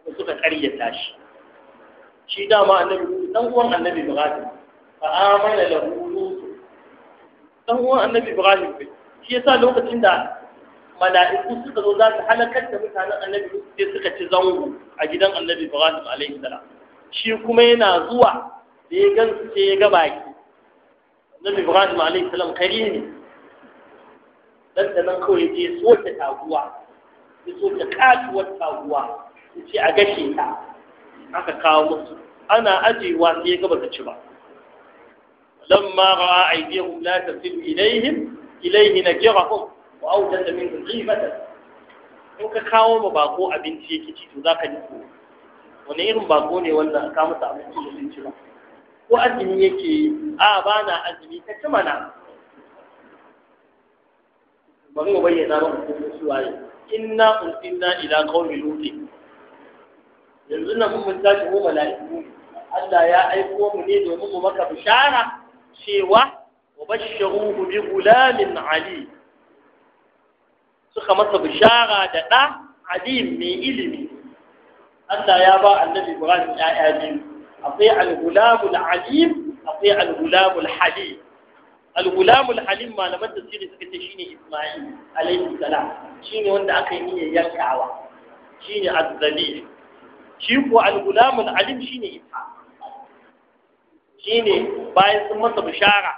kuma suka karyata shi shi dama annabi yusuf dan uwan annabi ibrahim fa amana lahu yusuf dan uwan annabi ibrahim bai shi yasa lokacin da mala'iku suka zo za su halakar da mutanen annabi yusuf sai suka ci zango a gidan annabi ibrahim alaihi salam shi kuma yana zuwa da ya gan su sai ya ga baki nabi ibrahim alayhi salam kare ne dan da nan kawai je so ta taguwa ya so ta katuwar taguwa ya ce a gashe ta aka kawo musu ana ajewa sai ya gaba ta ci ba lamma ra'a aydihum la tasil ilaihim ilaihi nakirahum wa awjada minhum khifatan in ka kawo ma bako abinci yake ci to zaka ji ko wani irin bako ne wanda ka musu abinci ci ba ko azumi yake yi a ba na azumi ta ci mana bari mu bayyana ba mu kuma su waye inna unsinna ila qaumi lutin yanzu nan mun tashi mu mala'iku Allah ya aiko mu ne domin mu maka bishara cewa wa bashiruhu bi gulamin ali suka masa bishara da da Ali mai ilimi Allah ya ba annabi Ibrahim ya'ya biyu akwai al-gulamul alim akwai al-gulamul halim al-gulamul halim malaman tafsiri suka ce shine Isma'il alaihi salam shine wanda aka yi niyyar yankawa shine az shine bayan sun masa bishara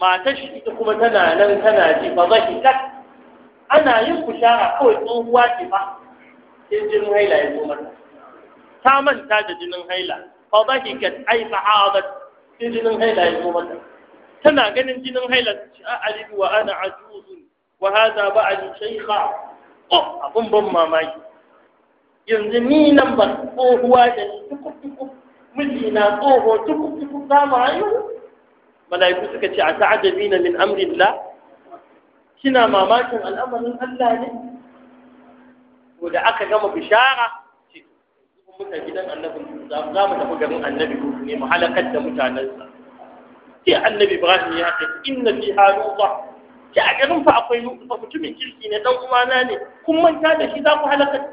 matar shi ita kuma tana nan tana ji ba kat ana yin bishara kawai tsohuwa ce ba sai jin haila ya zo mata ta manta da jinin haila fa dhahikat ay fa'adat sai jinin haila ya zo mata tana ganin jinin haila a alidu wa ana ajuzun wa ba ba'ali shaykha oh abun ban mamaki yanzu ni nan ban tsohuwa da tukutuku tukuf tukuf miji na tsoho tukuf tukuf za mu haihu mala'iku suka ce a na min amrillah kina mamakin al'amarin Allah ne ko da aka gama bishara muka gidan annabin za mu tafi garin annabi ne mu halakar da mutanensa sai annabi ibrahim ya haka inna fi haluwa ki a garin fa akwai ba mutumin kirki ne dan uwana ne kun manta da shi za ku halakar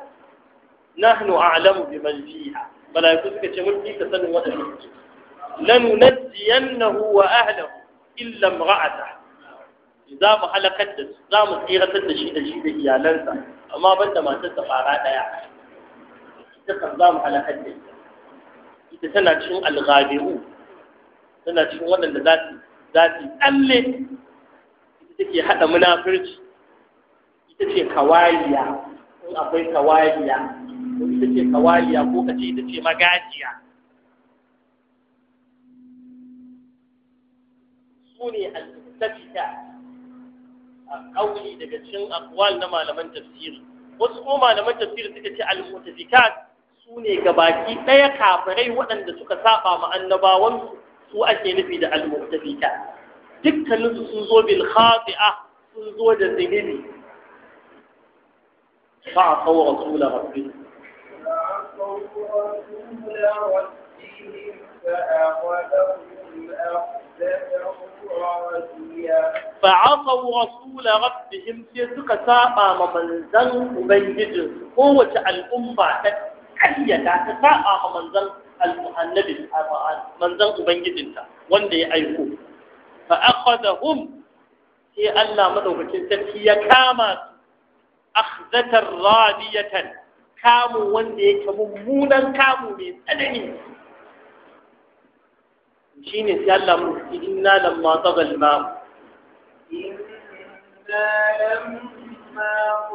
nahnu a'lamu biman fiha malaiku suka ce mun fika sanin wadannan lanunajjiyannahu wa ahlihi illa imra'atahu za mu halakar da za mu tsiratar da shi da shi da iyalansa amma banda matar da fara daya dukan za mu halakar da ita ita tana cikin alghabiru tana cikin waɗanda za su za su tsalle ita take haɗa munafurci ita ce kawaliya in akwai kawaliya ko ita ce kawaliya ko ka ce ita ce magajiya su ne al-mustafita a kauli daga cikin akwal na malaman tafsir wasu kuma malaman tafsir suka ce al-mutafikat sune gabaki daya kafirai waɗanda suka saba ma annabawansu su ake nufi da almuktafita su sun zo bil khati'a sun zo da zinubi fa a kawo rabbi فعصوا رسول ربهم في سكة ساقا ومنزل وبنجد قوة الأمة karyata ta saba wa manzon al-muhannabi manzon ubangijinta wanda ya aiko fa hum sai Allah madaukakin sarki ya kama akhzatar radiyatan kamu wanda yake mummunan kamu mai tsanani shine sai Allah mu inna lamma tagal ma inna lamma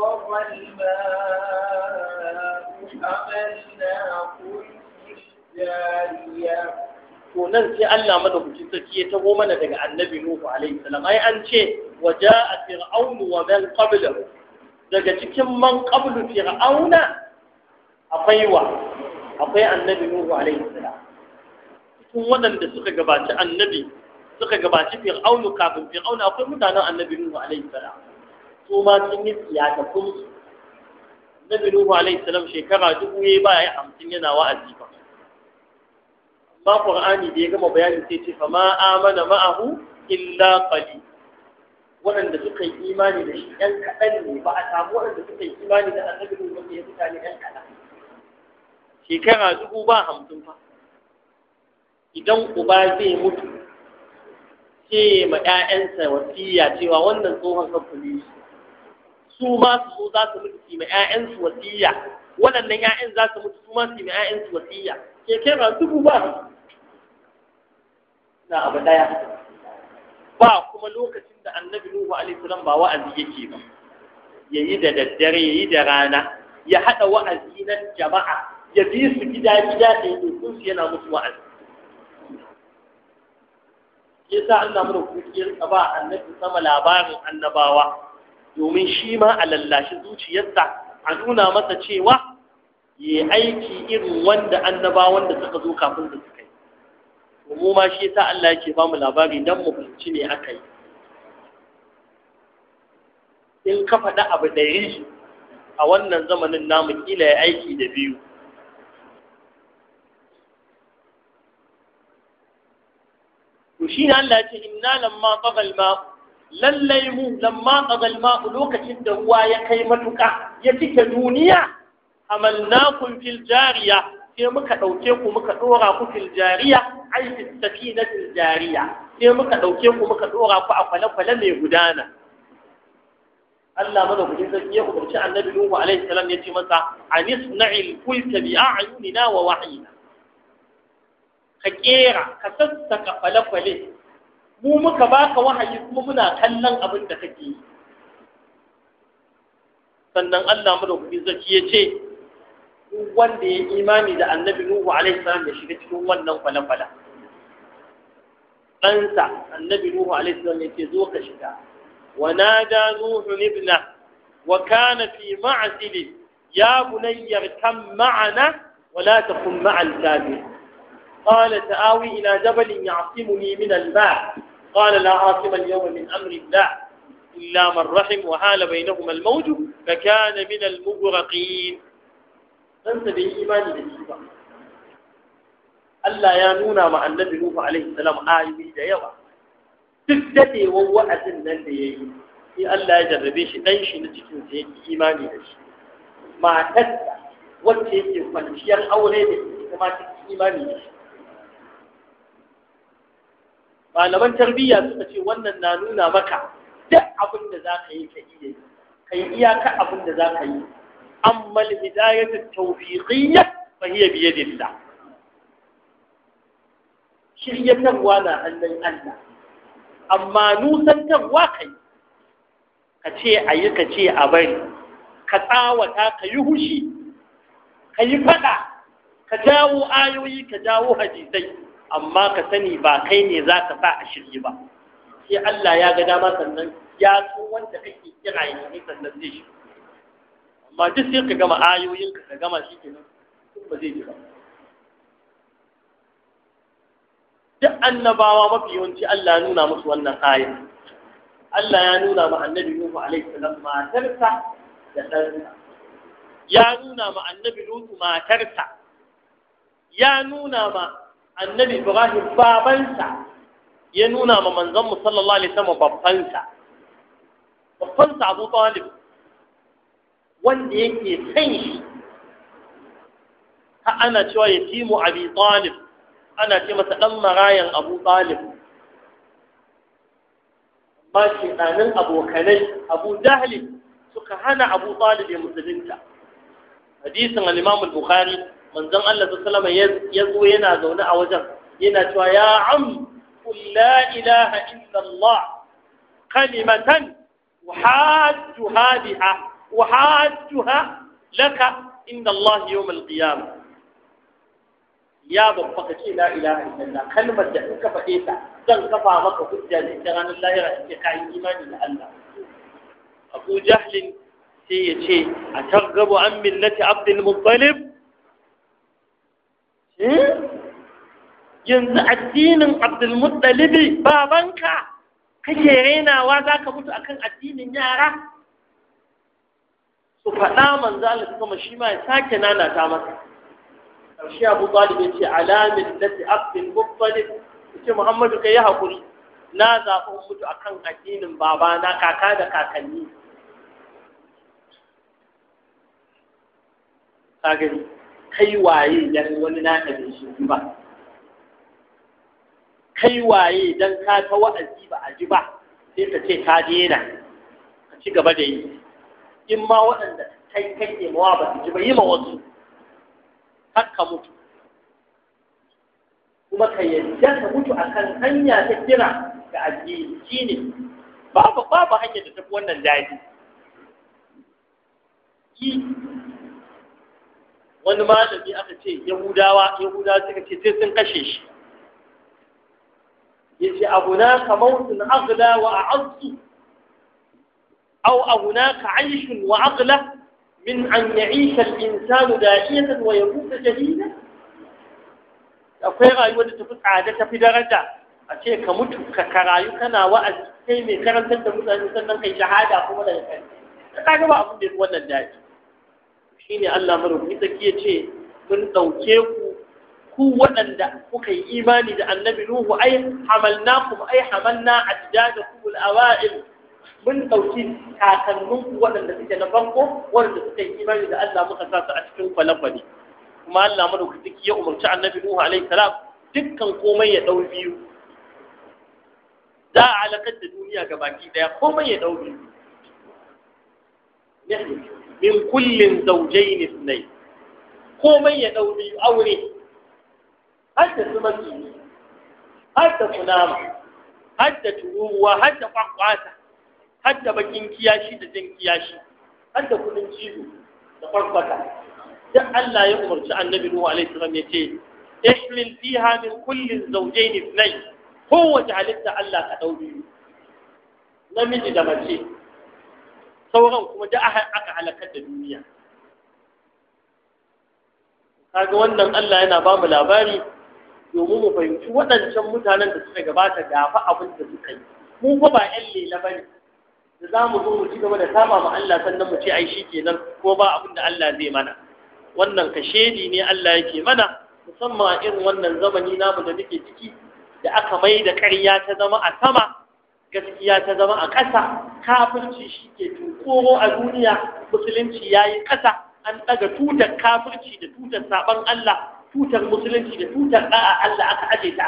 tagal ma to nan sai Allah madaukakin sarki ya taho mana daga annabi Nuhu alaihi salam ai an ce wa ja'a fir'aunu wa man qablahu daga cikin man qablu fir'auna akwai wa akwai annabi Nuhu alaihi salam cikin waɗanda suka gabaci annabi suka gabaci fir'aunu kafin fir'auna akwai mutanen annabi Nuhu alaihi salam su ma sun yi siyasa kun nabi nuhu alayhi salam shekara duk ne ba ya hamsin yana wa'azi ba amma qur'ani da ya gama bayani sai ce fa ma amana ma'ahu illa qali waɗanda suka yi imani da shi ɗan kaɗan ne ba a samu waɗanda suka yi imani da annabi nuhu wanda ya ne ɗan kaɗan shekara duk ba hamsin fa idan uba zai mutu sai ma 'ya'yansa wasiya cewa wannan tsohon kafin ne su ma su zo za su mutu su ma su wasiya waɗannan ƴaƴan za su mutu su ma su ma su wasiya shekara dubu ba na abu daya ba kuma lokacin da annabi Nuhu alaihi salam ba wa'azi yake ba yayi da daddare yayi da rana ya haɗa wa'azi na jama'a ya bi su gida gida da ya su yana musu wa'azi yasa Allah mu rubuta ba annabi sama labarin annabawa domin shi ma a lallashi zuciyarsa a nuna masa cewa ya aiki irin wanda annabawan da suka zo kafin da suka yi mu ma shi yasa Allah yake ba mu labari dan mu fahimci ne aka yi in ka faɗi abu ɗari a wannan zamanin namu kila ya aiki da biyu to shi ne Allah ya ce inna lamma ma'u lallai mu lamma qadal ma'u lokacin da ruwa ya kai matuka ya cike duniya amalnakum fil jariya sai muka ɗauke ku muka ɗora ku fil jariya ai fil jariya sai muka ɗauke ku muka ɗora ku a kwale-kwale mai gudana Allah mana gudun sarki ya umarci annabi Nuhu alaihi salam ya ce masa anisna'il fulka bi a'yunina wa wahyina ka kera ka sassaka kwale-kwale mu muka baka wahayi kuma muna kallon abin da kake yi sannan Allah madaukaki zaki ya ce wanda ya imani da annabi Nuhu alaihi salam ya shiga cikin wannan kwale-kwale ɗansa annabi Nuhu alaihi salam ya ce zo ka shiga wa nada Nuhu ibna wa kana fi ma'sil ya bunayya kam ma'ana wa la takun ma'al kafir قال تآوي إلى جبل يعصمني من الماء قال لا عاصم اليوم من أمر الله إلا من رحم وحال بينهما الموج فكان من المغرقين أنت بإيمان بالإيمان Allah ya nuna ma annabi Nuhu alaihi salam ayoyi da yawa duk dadewar wa'azin nan da yayi sai Allah ya jarrabe shi dan shi na cikin sa yake imani da shi matar wacce yake kwanciyar aure da ita ma cikin imani da shi malaman tarbiyya suka ce wannan na nuna maka duk abin da za ka yi ka iya yi ka yi iyaka abin da za ka yi amma hidayatu tawfiqiyya fa hiya bi yadillah shiryatarwa na hannun Allah amma nusantarwa kai ka ce a yi ka ce a bari ka tsawata ka yi hushi ka yi fada ka jawo ayoyi ka jawo hadisai amma ka sani ba kai ne za ka sa a shirye ba sai Allah ya ga dama sannan ya so wanda kake kira ya ne sannan zai shi amma duk sai ka gama ayoyin ka gama shi kenan ba zai ji ba duk annabawa mafi yawanci Allah ya nuna musu wannan aya Allah ya nuna ma annabi Nuhu alaihi salam matarsa da ɗansa ya nuna ma annabi nuhu matarsa ya nuna ma annabi ibrahim babansa ya nuna ma manzon mu sallallahu alaihi wasallam babbansa babbansa abu talib wanda yake san shi ha ana cewa yatimu abi talib ana ce masa dan marayan abu talib ba shi ɗanin abokanai abu jahli suka hana abu talib ya musulunta hadisin al-imam al-bukhari manzon Allah sallallahu alaihi wasallam ya zo yana zaune a wajen yana cewa ya am qul la ilaha illa Allah kalimatan uhajjuha biha uhajjuha laka inda Allah yawm al ya babba ka ce la ilaha illallah kalmar da in ka faɗe ta zan kafa maka hujja ne da ita ranar lahira in ka yi imani da Allah Abu Jahlin sai ya ce a targabu an millati Abdul Muttalib Hmm? yanzu addinin abdulmuttalibi babanka kake renawa za ka mutu akan addinin yara su faɗa manzo Allah su kuma shi ma ya sake nanata maka. ƙarshe abu talib ya ce alamin lati abdul muttalib ce muhammadu kai ya haƙuri na zaɓi mutu akan addinin babana kaka da kakanni kai waye dan wani naka bai shi ba kai waye dan ka ta wa'azi ba a ji ba sai ka ce ka daina ka ci gaba da yi in ma waɗanda kai kai ne mawa ba su ji ba yi ma wasu har ka mutu kuma ka yadda ka mutu a kan hanya ta kira ga addini shine babu babu hanyar da tafi wannan daji wani malami aka ce yahudawa yahudawa suka ce sai sun kashe shi ya ce yace abunaka mautun agla wa a azu au ka aishun a'azzu أو أهناك عيش وعقلة من أن يعيش الإنسان دائية ويموت جديدا akwai rayuwar da tafi tsada tafi daraja a ce ka mutu ka karayu kana wa'azi kai mai karantar da mutane sannan kai shahada kuma daga kai ta ga ba abin da wannan daji ne Allah madaukaki saki ya ce mun ɗauke ku ku waɗanda kuka yi imani da annabi Nuhu ai hamalnakum ai hamalna ajdadakum al-awa'il mun ɗauki kakanninku waɗanda suke na farko waɗanda suka yi imani da Allah muka sa su a cikin kwale-kwale kuma Allah madaukaki ya umarci annabi Nuhu alaihi salam dukkan komai ya ɗau biyu za a halakar da duniya ga baki ɗaya komai ya ɗau biyu min kullin zaujaini sunai komai ya ɗau biyu aure har da su mafi har da kunama har da turuwa har da kwakwata har da bakin kiyashi da jan kiyashi har da kudin cizo da kwakwata duk Allah ya umarci annabi Nuhu alaihi salam ya ce ihlil fiha min kulli zawjayn ithnayn kowace halitta Allah ka dau biyu namiji da mace sauran kuma da aka halakar da duniya kaga wannan Allah yana ba mu labari domin mu fahimci waɗancan mutanen da suka gabata fa abin da suka yi mu fa ba ƴan lela ba ne da za mu zo mu ci gaba da saba ma Allah sannan mu ce ai shi kenan ko ba abin da Allah zai mana wannan kashedi ne Allah yake mana musamman a irin wannan zamani namu da muke ciki da aka mai da ƙarya ta zama a sama gaskiya ta zama a ƙasa kafirci shi ke tukoro a duniya musulunci ya yi ƙasa an ɗaga tutar kafirci da tutar saɓon Allah tutar musulunci da tutar ɗa'a Allah aka aje ta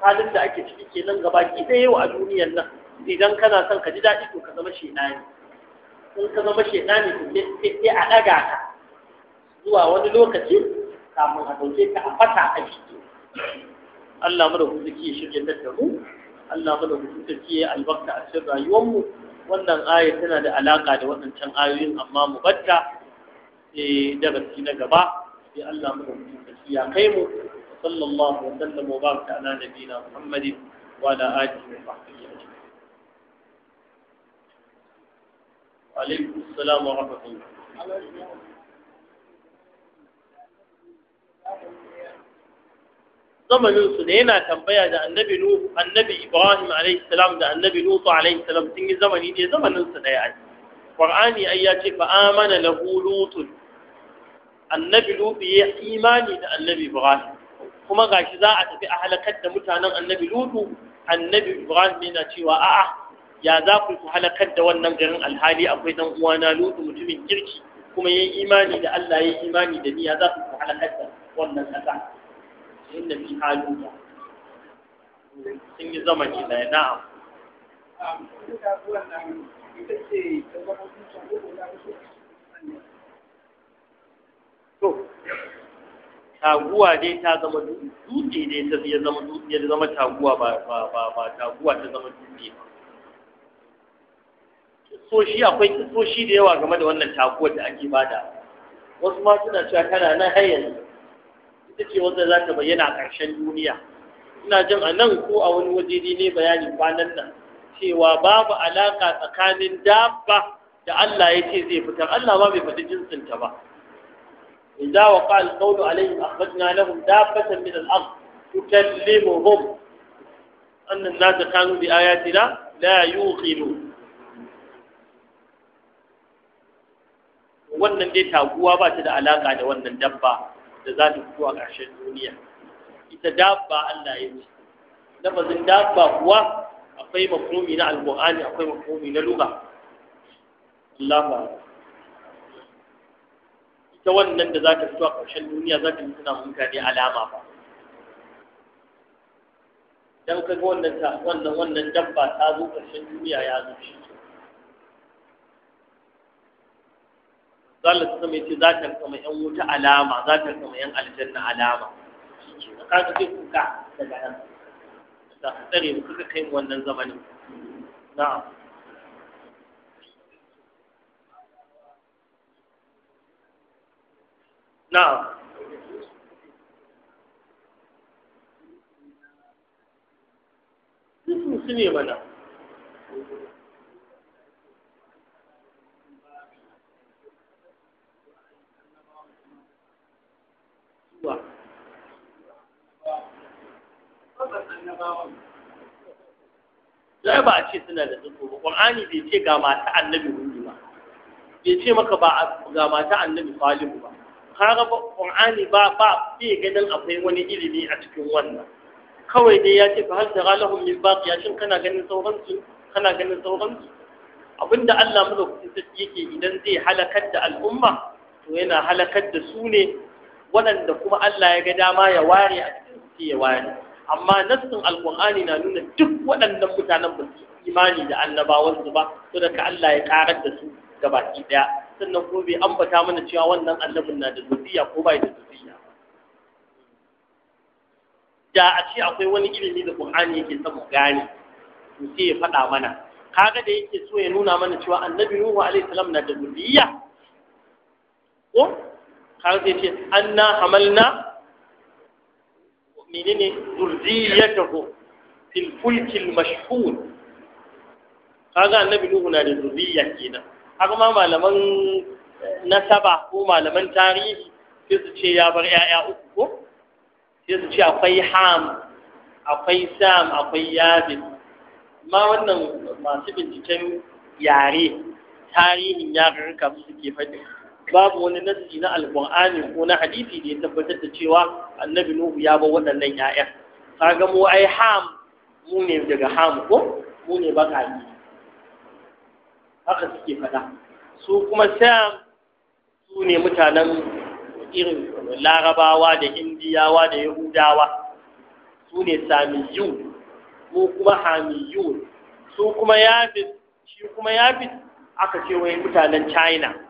a halin da ake ciki kenan gaba ki ɗaya yau a duniyar nan idan kana son ka ji daɗi to ka zama shaidani in ka zama shaidani to sai a ɗaga ka zuwa wani lokaci kamun a ɗauke ka a fata a ciki Allah mu da ya shirya da mu Allah mana mutum sarki kiyaye albarka a cikin rayuwarmu wannan ayar tana da alaƙa da waɗancan ayoyin amma mu batta sai darasi na gaba sai Allah mana mutum sarki ya kai mu sallallahu alaihi wa sallam wa baraka ala nabiyina Muhammadin wa ala alihi wa sahbihi ajma'in alaikum assalam wa rahmatullah zamanin su ne yana tambaya da annabi nu annabi ibrahim alaihi salam da annabi lutu alaihi salam sun yi zamani ne zamanin su daya ai qur'ani ai ya ce fa amana lahu lutun annabi lutu ya imani da annabi ibrahim kuma gashi za a tafi a halakar da mutanen annabi lutu annabi ibrahim yana cewa a'a ya za ku halakar da wannan garin alhali akwai dan uwana lutu mutumin kirki kuma yayi imani da Allah yayi imani da ni ya za ku halakar da wannan kasa inda fi haluka sun yi zamani ɗaya na'am to taguwa dai ta zama dutse dai ta ya zama dutse ya zama taguwa ba ba ba ba taguwa ta zama dutse ba shi akwai kisoshi da yawa game da wannan taguwar da ake bada wasu ma suna cewa tana nan har yanzu ta ce wanda za ta bayyana a ƙarshen duniya ina jin a nan ko a wani waje ne bayani kwanan nan cewa babu alaƙa tsakanin dabba da Allah ya ce zai fitar Allah ma bai faɗi jinsinta ba idza waqa al-qawlu alayhim akhrajna lahum dabbatan min al-ard tukallimuhum أن الناس كانوا بآياتنا لا يوقنون wannan dai taguwa ba ta da alaƙa da wannan dabba da za ta fito a ƙarshen duniya ita dabba Allah ya ce lafazin dabba kuwa akwai makomi na alqur'ani akwai makomi na lugha Allah ita wannan da za ta fito a ƙarshen duniya za ta yi suna mutane alama ba dan kaga wannan ta wannan wannan dabba ta zo ƙarshen duniya ya zo shi zalla ta mai ce za ta kama yan wuta alama za ta kama yan aljanna alama shi ke ka ga kuka daga nan da ka tsare ku ka kai wannan zamanin Na na sun su ne mana annabawan ba a ce suna da tsoro ba qur'ani bai ce ga mata annabi hudu ba bai ce maka ba ga mata annabi falihu ba kaga ba qur'ani ba ba bai ganin akwai wani ilimi a cikin wannan kawai dai ya ce ba har tara lahum min ya shin kana ganin sauran kana ganin sauransu? su abinda Allah madaukakin sarki yake idan zai halakar da al'umma to yana halakar da su ne waɗanda kuma Allah ya ga dama ya ware a cikin su ya ware amma nassin alqur'ani na nuna duk waɗannan mutanen ba su imani da annabawansu ba to da ka Allah ya karar da su gabaki ɗaya. sannan kuma bai ambata mana cewa wannan annabin na da zuriya ko bai da zuriya da a ce akwai wani ilimi da Qur'ani yake son mu gane to sai ya faɗa mana kaga da yake so ya nuna mana cewa annabi Nuhu alaihi salam na da zuriya ko kaga sai ce anna hamalna menene zurriyatahu fil fulkil Ka kaga annabi nuhu na da ke kenan haka ma malaman eh, nasaba ko malaman tarihi sai su ce ya bar 'ya'ya uku ko sai su ce akwai ham akwai sam akwai yabin ma wannan masu binciken yare tarihin yarurruka su suke faɗi babu wani nasi na Alƙur'ani ko na hadisi da ya tabbatar da cewa annabi nuhu ya ba waɗannan ƴaƴa ga mu ai ham mu ne daga ham ko mu ne yi? haka suke faɗa su kuma sam su ne mutanen irin larabawa da indiyawa da yahudawa su ne samiyu mu kuma hamiyu su kuma yafi shi kuma yafi aka ce wai mutanen china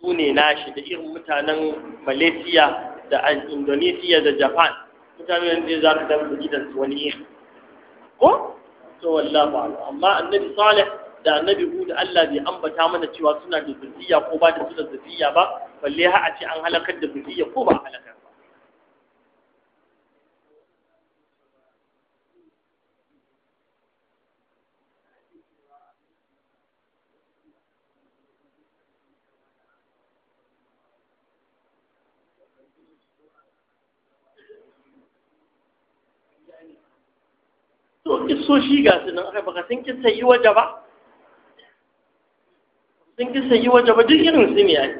su ne nashi da irin mutanen malaysia da indonesia da japan mutanen da za ka dama gidan su wani iri ko to wallahu amma annabi salih da annabi hud Allah bai ambata mana cewa suna da zuriya ko ba da su da ba balle har a ce an halakar da zuriya ko ba halakar shi ga su nan aka baka sun kisa yi waje ba sun kisa yi waje ba duk irin su ne ai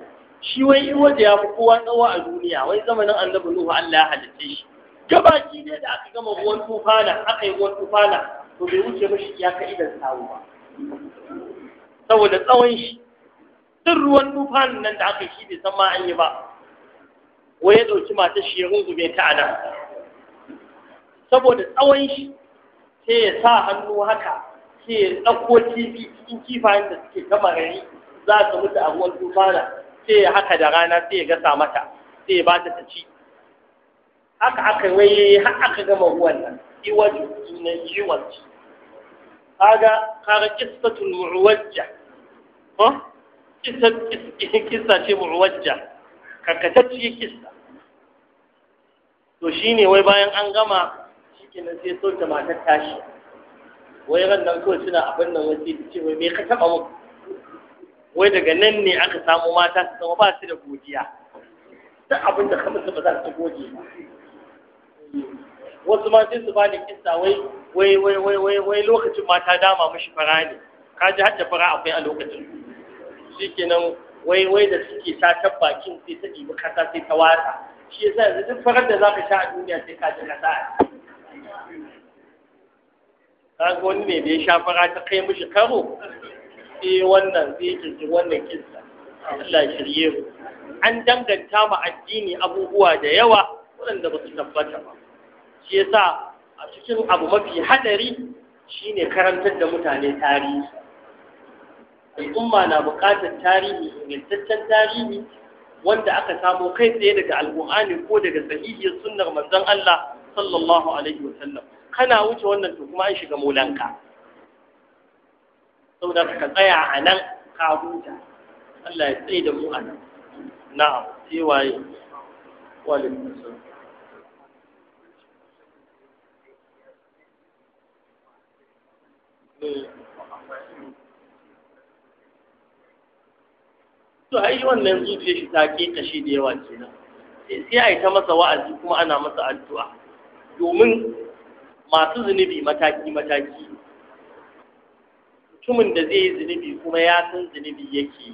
shi wai yi waje ya fi kowa tsawa a duniya wai zamanin annabi nuhu Allah ya halitta shi gabaki ne da aka gama ruwan tufana aka yi ruwan tufana to bai wuce mashi ka idan sawu ba saboda tsawon shi duk ruwan tufanin nan da aka shi bai san ma an yi ba wai ya ɗauki matar shi ya rungume ta a nan saboda tsawon shi sai ya sa hannu haka sai ya ɗauko kifi cikin kifayen da suke gama gari za su mutu a ruwan tufana sai ya haka da rana sai ya gasa mata sai ya bata ta ci haka aka waye har aka gama ruwan nan iwaj sunan iwaj ci kaga kaga qissatul mu'wajja ko kissa kissa ce mu'wajja kakatacce kissa to shine wai bayan an gama cikin nan sai soke matar tashi wai ran nan suna abin nan wasu ce wai me ka taba muku wai daga nan ne aka samu mata su zama ba su da godiya Ta abin da kamar su ba za su gode ba wasu ma sai su bani kissa wai wai wai wai wai wai lokacin mata dama mishi fara ne ka ji hadda fara akwai a lokacin shikenan wai wai da suke ta tabbakin sai ta ɗibi kasa sai ta wata, shi yasa yanzu duk farar da zaka sha a duniya sai ka ji kasa kaga wani ne da ya sha fara ta kai mishi karo sai wannan sai kirki wannan kisa, Allah shirye mu an danganta ma addini abubuwa da yawa waɗanda ba su tabbata ba shi yasa a cikin abu mafi hadari shine karantar da mutane tarihi al'umma na buƙatar tarihi ingantaccen tarihi wanda aka samo kai tsaye daga alƙur'ani ko daga sahihiyar sunnar manzon Allah sallallahu alaihi wa sallam kana wuce wannan to kuma an shiga molanka saboda ka tsaya a nan ka huta Allah ya tsaye da mu a nan na'am sai waye wa alaikum assalam to ai wannan zuciya shi ta ke kashi da yawa kenan sai ai ta masa wa'azi kuma ana masa addu'a domin masu zunubi mataki-mataki mutumin da zai yi zunubi kuma ya san zunubi yake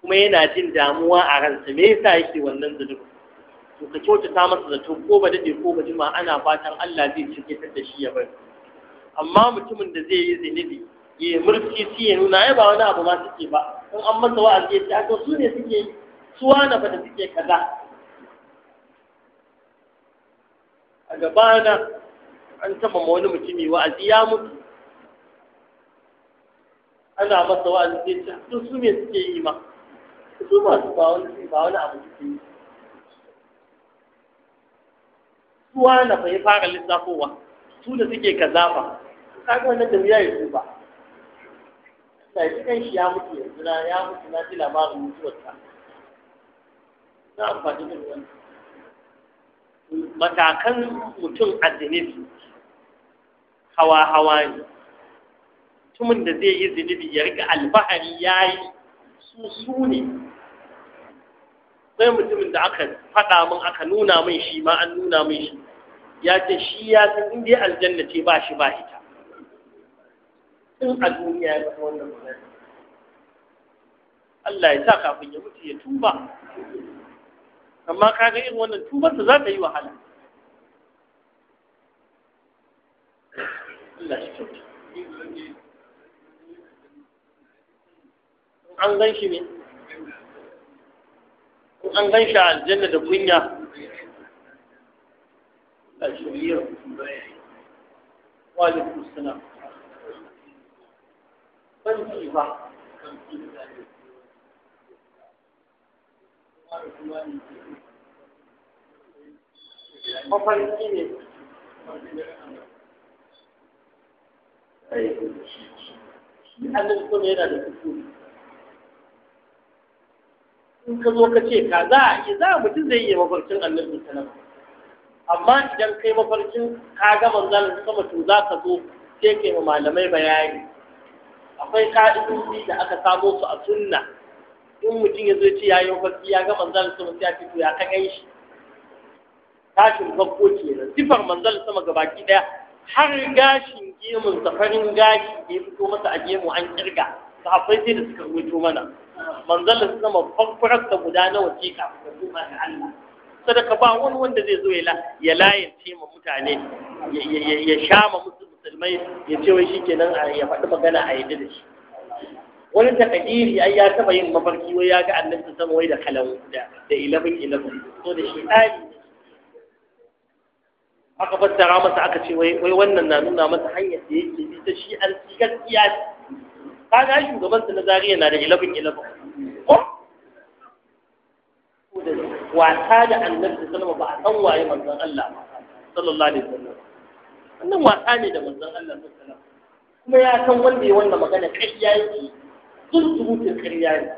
kuma yana jin damuwa a ransa me yasa yake wannan zunubi to ka ta masa zato ko ba dade ko ba jima ana fatan Allah zai cike da shi ya bar amma mutumin da zai yi zunubi ya murci shi ya nuna ai ba wani abu ma suke ba in an masa wa'azi ya ce haka su ne suke yi suwa na fata suke kaza a gabana an taɓa ma wani mutumi wa'azi ya mutu ana masa wa'azi sai ce su su me suke yi ma su masu ba wani ba wani abu suke yi suwa na fa fara lissafowa su da suke kazafa kaga wannan da ya yi su ba sai shi kan shi ya mutu yanzu na ya mutu na ji labarin mutuwarsa na amfani da wannan matakan mutum a zunubi hawa-hawa ne mutumin da zai yi zunubi ya riga alfahari ya yi su ne sai mutumin da aka faɗa min aka nuna min shi ma an nuna min shi ya ce shi ya san in dai aljanna ce ba shi ba ita in a duniya ya zama wannan Allah ya sa kafin ya mutu ya tuba amma kaga yin wannan tubarsa za ta yi wahala an gan shi ne an gan shi a aljanna da kunya wa alaikum salam ban ji ba mafarki ne annabi kuma yana da kusuri in ka zo ka ce ka za a iya za mutum zai iya mafarkin annabi sallama amma idan kai mafarkin ka ga manzon sama to za ka zo sai kai malamai bayani akwai ka'idoji da aka samo su a sunna in mutum ya zo ce ya yi mafarki ya ga manzal sama sai ya fito ya ka gan shi tashin farko nan, sifar manzal sama ga baki daya har gashin gemun safarin gashi da ya fito masa a gemu an kirga hafai sai da suka rubuto mana manzal sama farfarar da guda na waje kafin ka zo ga Allah sadaka ba wani wanda zai zo ya layin ma mutane ya sha ma musulmai ya ce wai shikenan ya faɗi magana a yadda da shi wani takadiri ai ya taba yin mafarki wai ya ga annabi sama wai da kalan da da ilabin ilabin to da shi dai aka fassara masa aka ce wai wannan na nuna masa hanyar da yake bi ta shi an ci gaskiya kaga shugaban sa na zariya na da ilabin ilabin ko wasa da annabi sallama ba a san waye manzon Allah ba sallallahu alaihi wasallam wannan wasa ne da manzon Allah sallallahu alaihi wasallam kuma ya san wanda ya wannan magana kai ya yi sun surutun ƙarya ne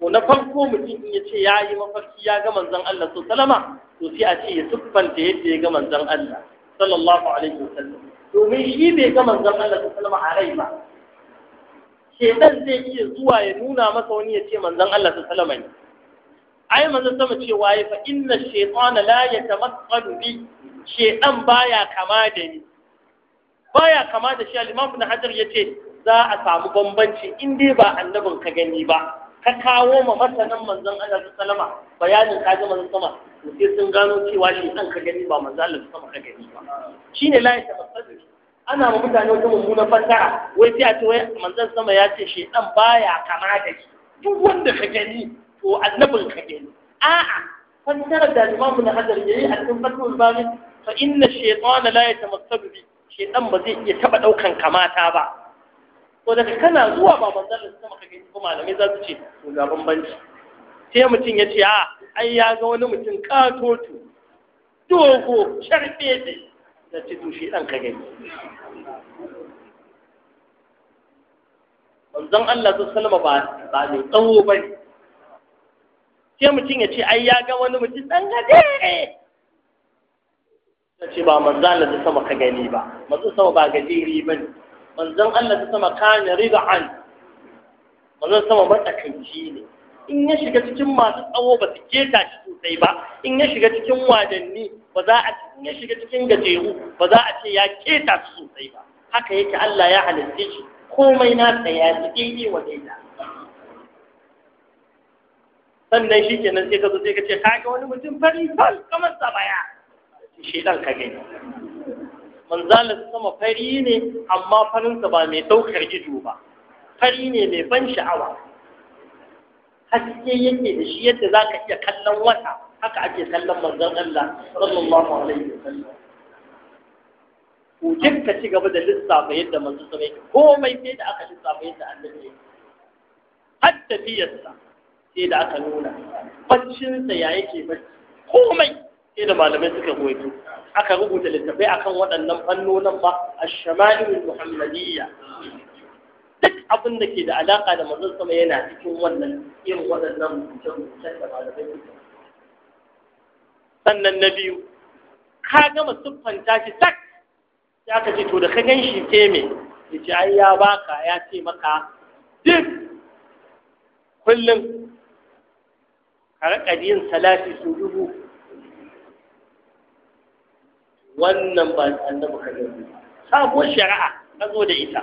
to na farko mutum in ya ce ya yi mafarki ya ga manzon Allah so salama to sai a ce ya siffanta yadda ya ga manzon Allah sallallahu alaihi wasallam domin shi bai ga manzon Allah so salama a rai ba shedan zai iya zuwa ya nuna masa wani ya ce manzon Allah so salama ne ai manzon sama cewa ya fa inna shaytana la yatamassalu bi shedan baya kama da ni baya kama da shi al-imam ibn hajar yace za a samu bambanci in dai ba annabin ka gani ba ka kawo ma masanan manzon Allah su salama bayanin ka ji manzon sama to sai sun gano cewa shi dan ka gani ba manzon Allah sama ka gani ba shine la ta tafassari ana ma mutane wata mummuna fasara wai sai a ce wai manzon sama ya ce shi dan baya kama da shi duk wanda ka gani to annabin ka gani a'a fassarar da Imam Ibn Hajar yayi a cikin Fathul Bari fa inna shaytana la yatamassabu bi shaytan ba zai iya taba daukan kamata ba ko daga kana zuwa ba manzon sama ka gani ko malamai za su ce to ga bambanci sai mutum ya ce a ai ya ga wani mutum katoto dogo sharfe ne da ci tushe ɗan ka gani manzon Allah su salama ba ba mai tsawo ba ne sai mutum ya ce ai ya ga wani mutum ɗan gade ta ce ba manzon Allah su sama ka gani ba manzon sama ba gajeri ba ne manzon Allah ta sama kana rid'an manzon sama matsakaici ne in ya shiga cikin masu tsawo ba su keta shi sosai ba in ya shiga cikin wadanni ba za a in ya shiga cikin gajeru ba za a ce ya keta su sosai ba haka yake Allah ya halitta shi komai na tsaya ji daidai wa daida sannan shi kenan sai ka zo sai ka ce ka ga wani mutum fari fal kamar sa baya shi dan ka gani manzala sama fari ne amma farinsa ba mai ɗaukar ido ba fari ne mai ban sha'awa haske yake da shi yadda za ka iya kallon wata haka ake kallon manzon Allah sallallahu alaihi wasallam duk ka ci gaba da lissafa yadda manzo sama yake komai sai da aka lissafa yadda Allah yake hatta tafiyarsa sai da aka nuna baccinsa ya yake bacci komai sai da malamai suka goyi aka rubuta littafai akan waɗannan fannonin ba a shama'il muhammadiyya duk abin da ke da alaƙa da manzon sama yana cikin wannan irin waɗannan rubuce-rubucen da malamai sannan na biyu ka gama siffanta shi tak sai aka ce to da ka gan shi ke me ya ce ai ya baka ya ce maka duk kullum ka raƙa yin salati su dubu wannan ba annabi ka ne sabuwar shari'a ta zo da ita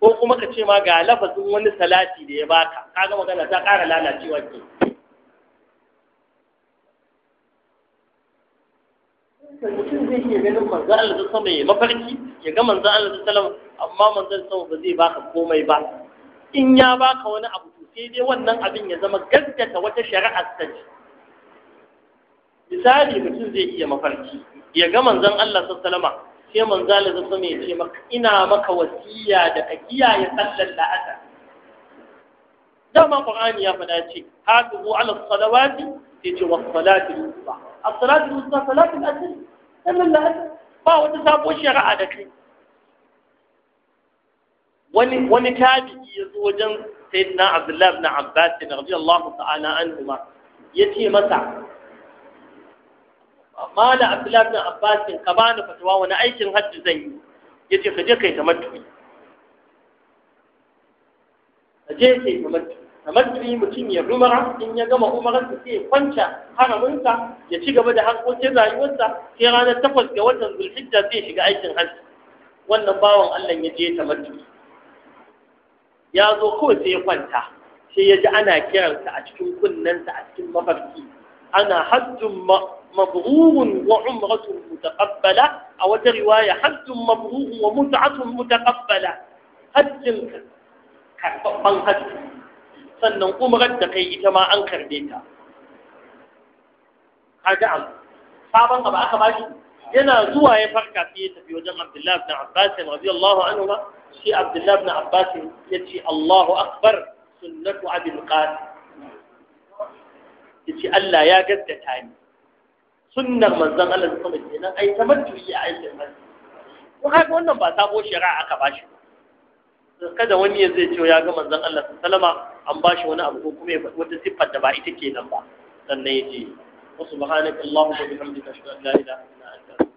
ko kuma ka ce ma ga lafazin wani salati da ya baka kaga magana ta ƙara lalacewa ke mutum zai iya ganin manzo Allah ta sama ya mafarki ya ga manzo Allah ta salama amma manzo sama ba zai baka komai ba in ya baka wani abu sai dai wannan abin ya zama gaskata wata shari'ar ta ce misali mutum zai iya mafarki ya ga manzon Allah sallama sai manzo Allah sallama ya ce maka ina maka wasiya da ka kiyaye sallar la'asar dama qur'ani ya faɗa ce hafizu ala salawati yace wa salati al-wusta as-salatu al-wusta salatu al-asr sallar la'asar ba wata sabo shari'a da kai wani wani tabi'i ya zo wajen sayyidina Abdullah ibn Abbas radiyallahu ta'ala anhuma yace masa amma da abdullahi bin abbas ka bani fatawa wani aikin hajji zan yi Ya ce ka je kai tamattu'i ka je matuwi mutum ya rumara in ya gama umarar sa sai kwanta haraminsa ya ci gaba da harkokin rayuwarsa sai ranar takwas ga watan zulhijja zai shiga aikin hajji wannan bawan Allah ya je ta matuwi ya zo kawai sai ya kwanta sai ya ji ana kiransa a cikin kunnensa a cikin mafarki ana hajjun mabrurun wa umratun mutaqabbala a wata riwaya hajjun mabrurun wa mut'atun mutaqabbala hajjin karɓaɓɓen hajji sannan umrar da kai ta ma an karbe ta kaga am sabon abu aka bashi yana zuwa ya farka sai ya tafi wajen Abdullahi ibn Abbas radiyallahu anhu ma shi Abdullahi ibn yace Allahu akbar sunnatu Abdul ce Allah ya gaskata ni sunnar manzon Allah ta kuma nan ai tamattu'i a aikin manzon ko haka wannan ba sabo shari'a aka bashi kada wani ya zai ce ya ga manzon Allah sallama an bashi wani abu ko kuma ya wata siffar da ba ita kenan ba sannan ya ce wa allahumma wa bihamdika ashhadu an la ilaha illa anta